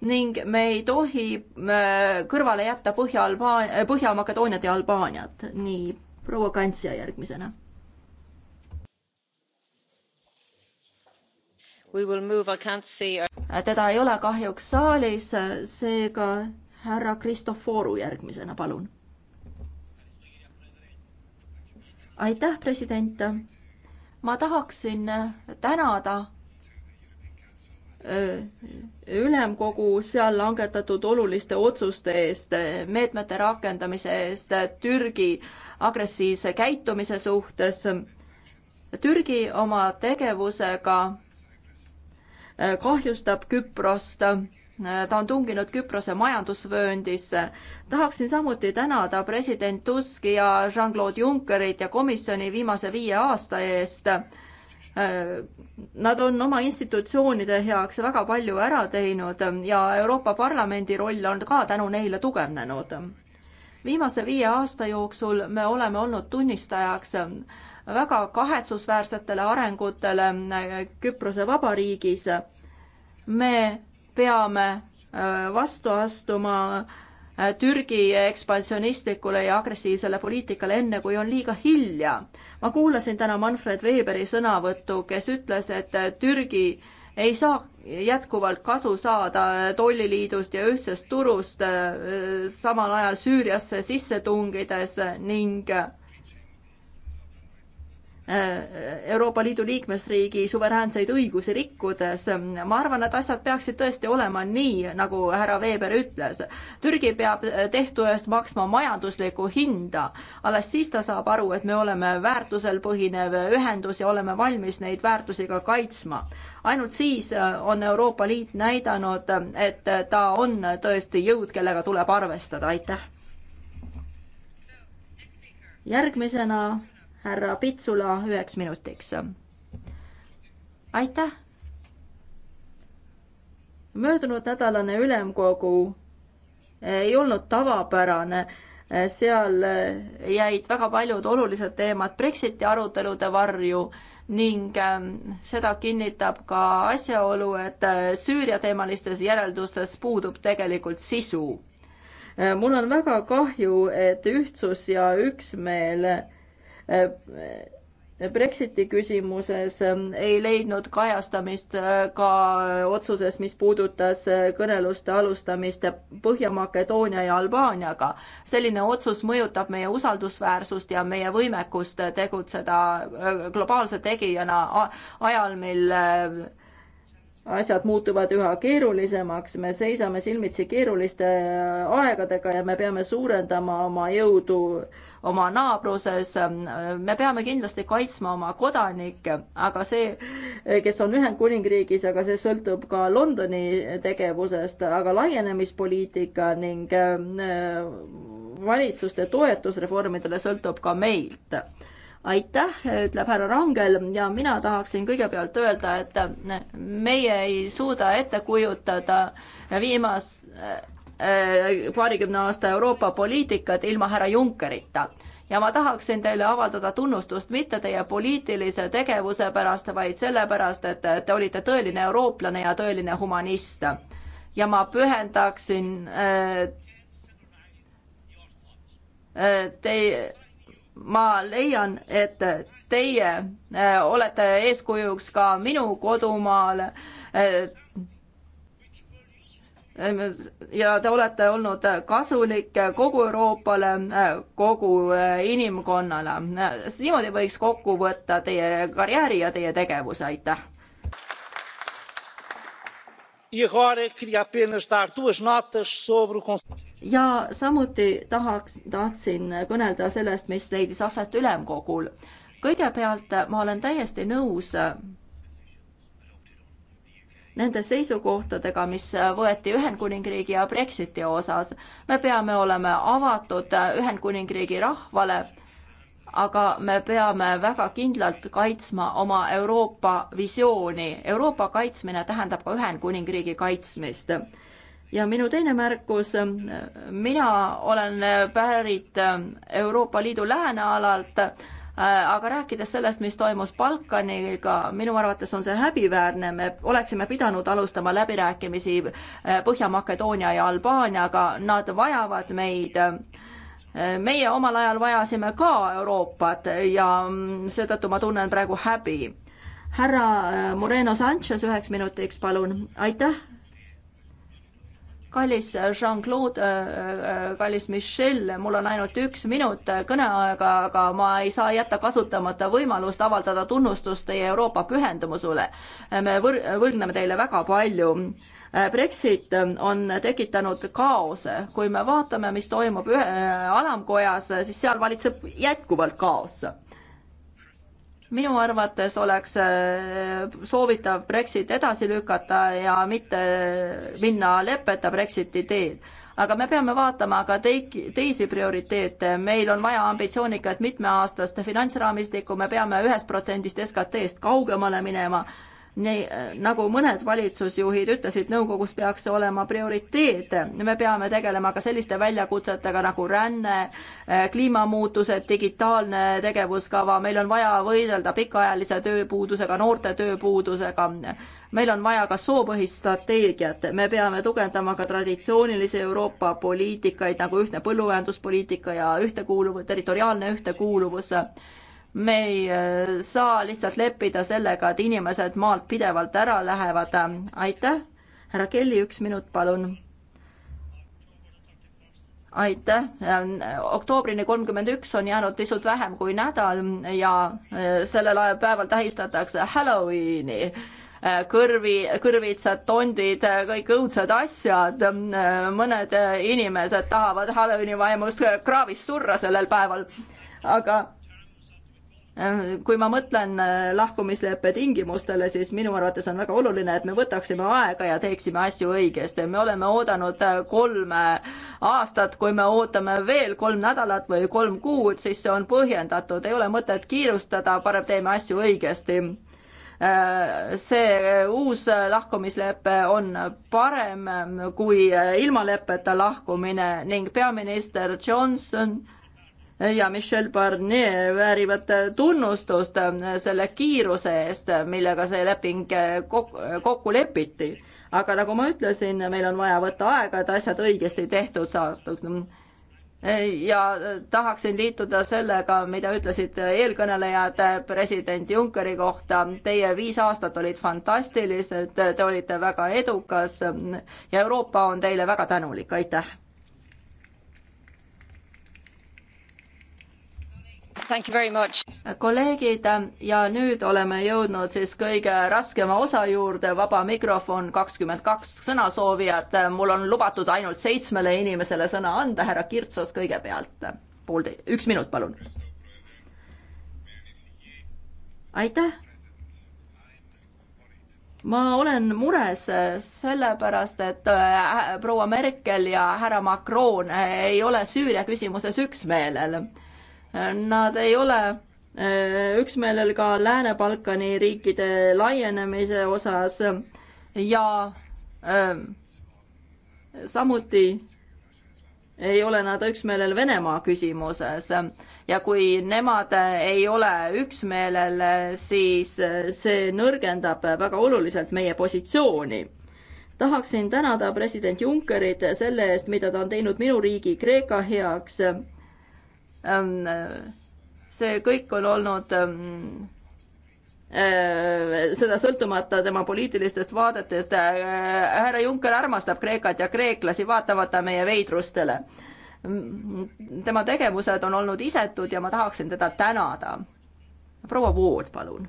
S1: ning me ei tohi äh, kõrvale jätta Põhja-Albaania, Põhja-Makedooniat ja Albaaniat. nii, proua Kantsja järgmisena teda ei ole kahjuks saalis, seega härra Kristoforu järgmisena, palun. aitäh, president. ma tahaksin tänada ülemkogu seal langetatud oluliste otsuste eest, meetmete rakendamise eest Türgi agressiivse käitumise suhtes. Türgi oma tegevusega Äh, kahjustab Küprost. Äh, ta on tunginud Küprose majandusvööndisse. tahaksin samuti tänada president Tuski ja Jean-Claude Junckerit ja komisjoni viimase viie aasta eest. Äh, nad on oma institutsioonide heaks väga palju ära teinud ja Euroopa Parlamendi roll on ka tänu neile tugevnenud. viimase viie aasta jooksul me oleme olnud tunnistajaks väga kahetsusväärsetele arengutele Küprose Vabariigis. me peame äh, vastu astuma äh, Türgi ekspansionistlikule ja agressiivsele poliitikale, enne kui on liiga hilja. ma kuulasin täna Manfred Weberi sõnavõttu, kes ütles, et äh, Türgi ei saa jätkuvalt kasu saada tolliliidust ja ühtsest turust, samal ajal Süüriasse sisse tungides ning Äh, Euroopa Liidu liikmesriigi suveräänseid õigusi rikkudes. ma arvan, et asjad peaksid tõesti olema nii, nagu härra Weber ütles. Türgi peab tehtu eest maksma majanduslikku hinda, alles siis ta saab aru, et me oleme väärtusel põhinev ühendus ja oleme valmis neid väärtusi ka kaitsma ainult siis äh, on Euroopa Liit näidanud, et ta on tõesti jõud, kellega tuleb arvestada, aitäh. järgmisena härra Pitsula üheks minutiks. aitäh. möödunud nädalane ülemkogu ei olnud tavapärane, seal jäid väga paljud olulised teemad Brexiti arutelude varju ning ähm, seda kinnitab ka asjaolu, et äh, Süüria teemalistes järeldustes puudub tegelikult sisu. Äh, mul on väga kahju, et ühtsus ja üksmeel Äh, äh, Brexiti küsimuses ähm, ei leidnud kajastamist äh, ka otsuses, mis puudutas kõneluste alustamist Põhja-Makedoonia ja Albaaniaga. selline otsus mõjutab meie usaldusväärsust ja meie võimekust tegutseda globaalse tegijana ajal, mil asjad muutuvad üha keerulisemaks, me seisame silmitsi keeruliste aegadega ja me peame suurendama oma jõudu oma naabruses. me peame kindlasti kaitsma oma kodanikke, aga see, kes on Ühendkuningriigis, aga see sõltub ka Londoni tegevusest, aga laienemispoliitika ning äh, valitsuste toetus reformidele sõltub ka meilt aitäh, ütleb härra Rangel ja mina tahaksin kõigepealt öelda, et meie ei suuda ette kujutada viimas- Äh, paarikümne aasta Euroopa poliitikat ilma härra Junckerita. ja ma tahaksin teile avaldada tunnustust mitte teie poliitilise tegevuse pärast, vaid sellepärast, et te olite tõeline eurooplane ja tõeline humanist. ja ma pühendaksin äh, äh, te, ma leian, et teie olete eeskujuks ka minu kodumaal Ehm, ja te olete olnud kasulik kogu Euroopale, kogu eh, inimkonnale. niimoodi võiks kokku võtta teie karjääri ja teie tegevuse, aitäh. E ja samuti tahaks, tahtsin kõnelda sellest, mis leidis aset ülemkogul. kõigepealt ma olen täiesti nõus nende seisukohtadega, mis võeti Ühendkuningriigi ja Brexiti osas. me peame olema avatud Ühendkuningriigi rahvale, aga me peame väga kindlalt kaitsma oma Euroopa visiooni. Euroopa kaitsmine tähendab ka Ühendkuningriigi kaitsmist ja minu teine märkus, mina olen pärit Euroopa Liidu läänealalt Äh, aga rääkides sellest, mis toimus Balkaniga, minu arvates on see häbiväärne, me oleksime pidanud alustama läbirääkimisi äh, Põhja-Makedoonia ja Albaaniaga, nad vajavad meid äh, meie omal ajal vajasime ka Euroopat ja mm, seetõttu ma tunnen praegu häbi. härra Moreno Sanchez üheks minutiks, palun, aitäh, kallis Jean-Claude, äh, äh, kallis Michel, mul on ainult üks minut kõneaega, aga ma ei saa jätta kasutamata võimalust avaldada tunnustust teie Euroopa pühendumusele. me võr-, võrgneme teile väga palju. Äh, Brexit on tekitanud kaose, kui me vaatame, mis toimub ühe alamkojas, siis seal valitseb jätkuvalt kaos minu arvates oleks äh, soovitav Brexit edasi lükata ja mitte minna leppeta Brexiti teed aga me peame vaatama ka teiki, teisi prioriteete, meil on vaja ambitsioonikat mitmeaastast finantsraamistikku, me peame ühest protsendist SKT-st kaugemale minema Äh, nagu mõned valitsusjuhid ütlesid, nõukogus peaks see olema prioriteet. me peame tegelema ka selliste väljakutsetega nagu ränne, äh, kliimamuutused, digitaalne tegevuskava, meil on vaja võidelda pikaajalise tööpuudusega, noorte tööpuudusega. meil on vaja ka soopõhist strateegiat, me peame tugevdama ka traditsioonilisi Euroopa poliitikaid nagu ühtne põllumajanduspoliitika ja ühtekuuluv, territoriaalne ühtekuuluvus me ei äh, saa lihtsalt leppida sellega, et inimesed maalt pidevalt ära lähevad. aitäh, härra Kelly, üks minut, palun. aitäh, oktoobrini kolmkümmend üks on jäänud pisut vähem kui nädal ja äh, sellel päeval tähistatakse Halloweeni äh, kõrvi, kõrvitsad, tondid, kõik õudsed asjad. mõned inimesed tahavad Halloweeni vaimust kraavis surra sellel päeval, aga Ehm, kui ma mõtlen äh, lahkumisleppe tingimustele, siis minu arvates on väga oluline, et me võtaksime aega ja teeksime asju õigesti. me oleme oodanud äh, kolm äh, aastat, kui me ootame veel kolm nädalat või kolm kuud, siis see on põhjendatud, ei ole mõtet kiirustada, parem teeme asju õigesti see uus lahkumislepe on parem kui ilma leppeta lahkumine ning peaminister Johnson ja Michel Barnier väärivad tunnustust selle kiiruse eest, millega see leping kokku lepiti. aga nagu ma ütlesin, meil on vaja võtta aega, et asjad õigesti tehtud saaks ja tahaksin liituda sellega, mida ütlesid eelkõnelejad president Junckeri kohta. Teie viis aastat olid fantastilised, te olite väga edukas ja Euroopa on teile väga tänulik, aitäh! kolleegid ja nüüd oleme jõudnud siis kõige raskema osa juurde, vaba mikrofon, kakskümmend kaks sõnasoovijat. mul on lubatud ainult seitsmele inimesele sõna anda, härra Kirtsos kõigepealt. pool, üks minut, palun. aitäh. ma olen mures sellepärast, et äh, proua Merkel ja härra Macron äh, ei ole Süüria küsimuses üksmeelel Nad ei ole eh, üksmeelel ka Lääne-Balkani riikide laienemise osas ja eh, samuti ei ole nad üksmeelel Venemaa küsimuses ja kui nemad ei ole üksmeelel, siis see nõrgendab väga oluliselt meie positsiooni. tahaksin tänada president Junckerit selle eest, mida ta on teinud minu riigi Kreeka heaks Ähm, see kõik on olnud ähm, äh, seda sõltumata tema poliitilistest vaadetest. Äh, härra Juncker armastab Kreekat ja kreeklasi, vaatamata meie veidrustele. tema tegevused on olnud isetud ja ma tahaksin teda tänada. proua Vood, palun.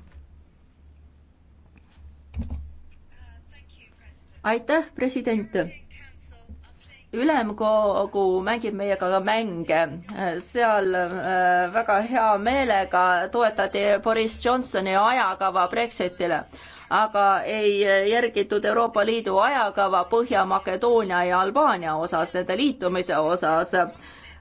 S1: aitäh, president ülemkogu mängib meiega ka mänge, seal äh, väga hea meelega toetati Boris Johnsoni ajakava Brexitile, aga ei järgitud Euroopa Liidu ajakava Põhja-Makedoonia ja Albaania osas, nende liitumise osas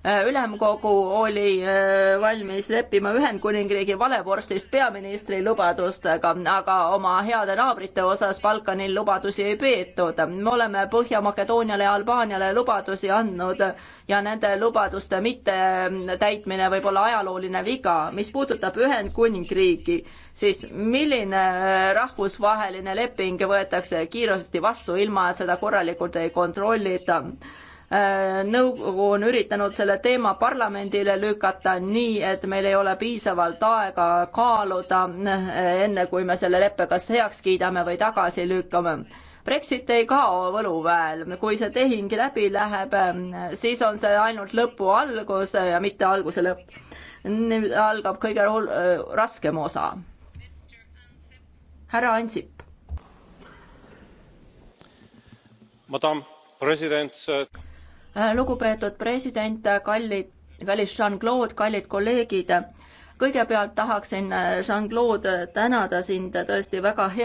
S1: Äh, ülemkogu oli äh, valmis leppima Ühendkuningriigi valevorstist peaministri lubadustega, aga oma heade naabrite osas Balkanil lubadusi ei peetud. me oleme Põhja-Makedooniale ja Albaaniale lubadusi andnud ja nende lubaduste mittetäitmine mm, võib olla ajalooline viga. mis puudutab Ühendkuningriigi, siis milline äh, rahvusvaheline leping võetakse kiiresti vastu, ilma et seda korralikult ei kontrollita? nõukogu on üritanud selle teema parlamendile lükata nii, et meil ei ole piisavalt aega kaaluda, enne kui me selle leppe kas heaks kiidame või tagasi lükkame. Brexit ei kao võluväel, kui see tehing läbi läheb, siis on see ainult lõpu algus ja mitte alguse lõpp. nüüd algab kõige raskem osa. härra Ansip.
S2: Madame president
S1: Äh, lugupeetud president, äh, kallid, kallis Jean-Claude, kallid kolleegid äh, kõigepealt tahaksin, Jean-Claude, tänada sind tõesti väga hea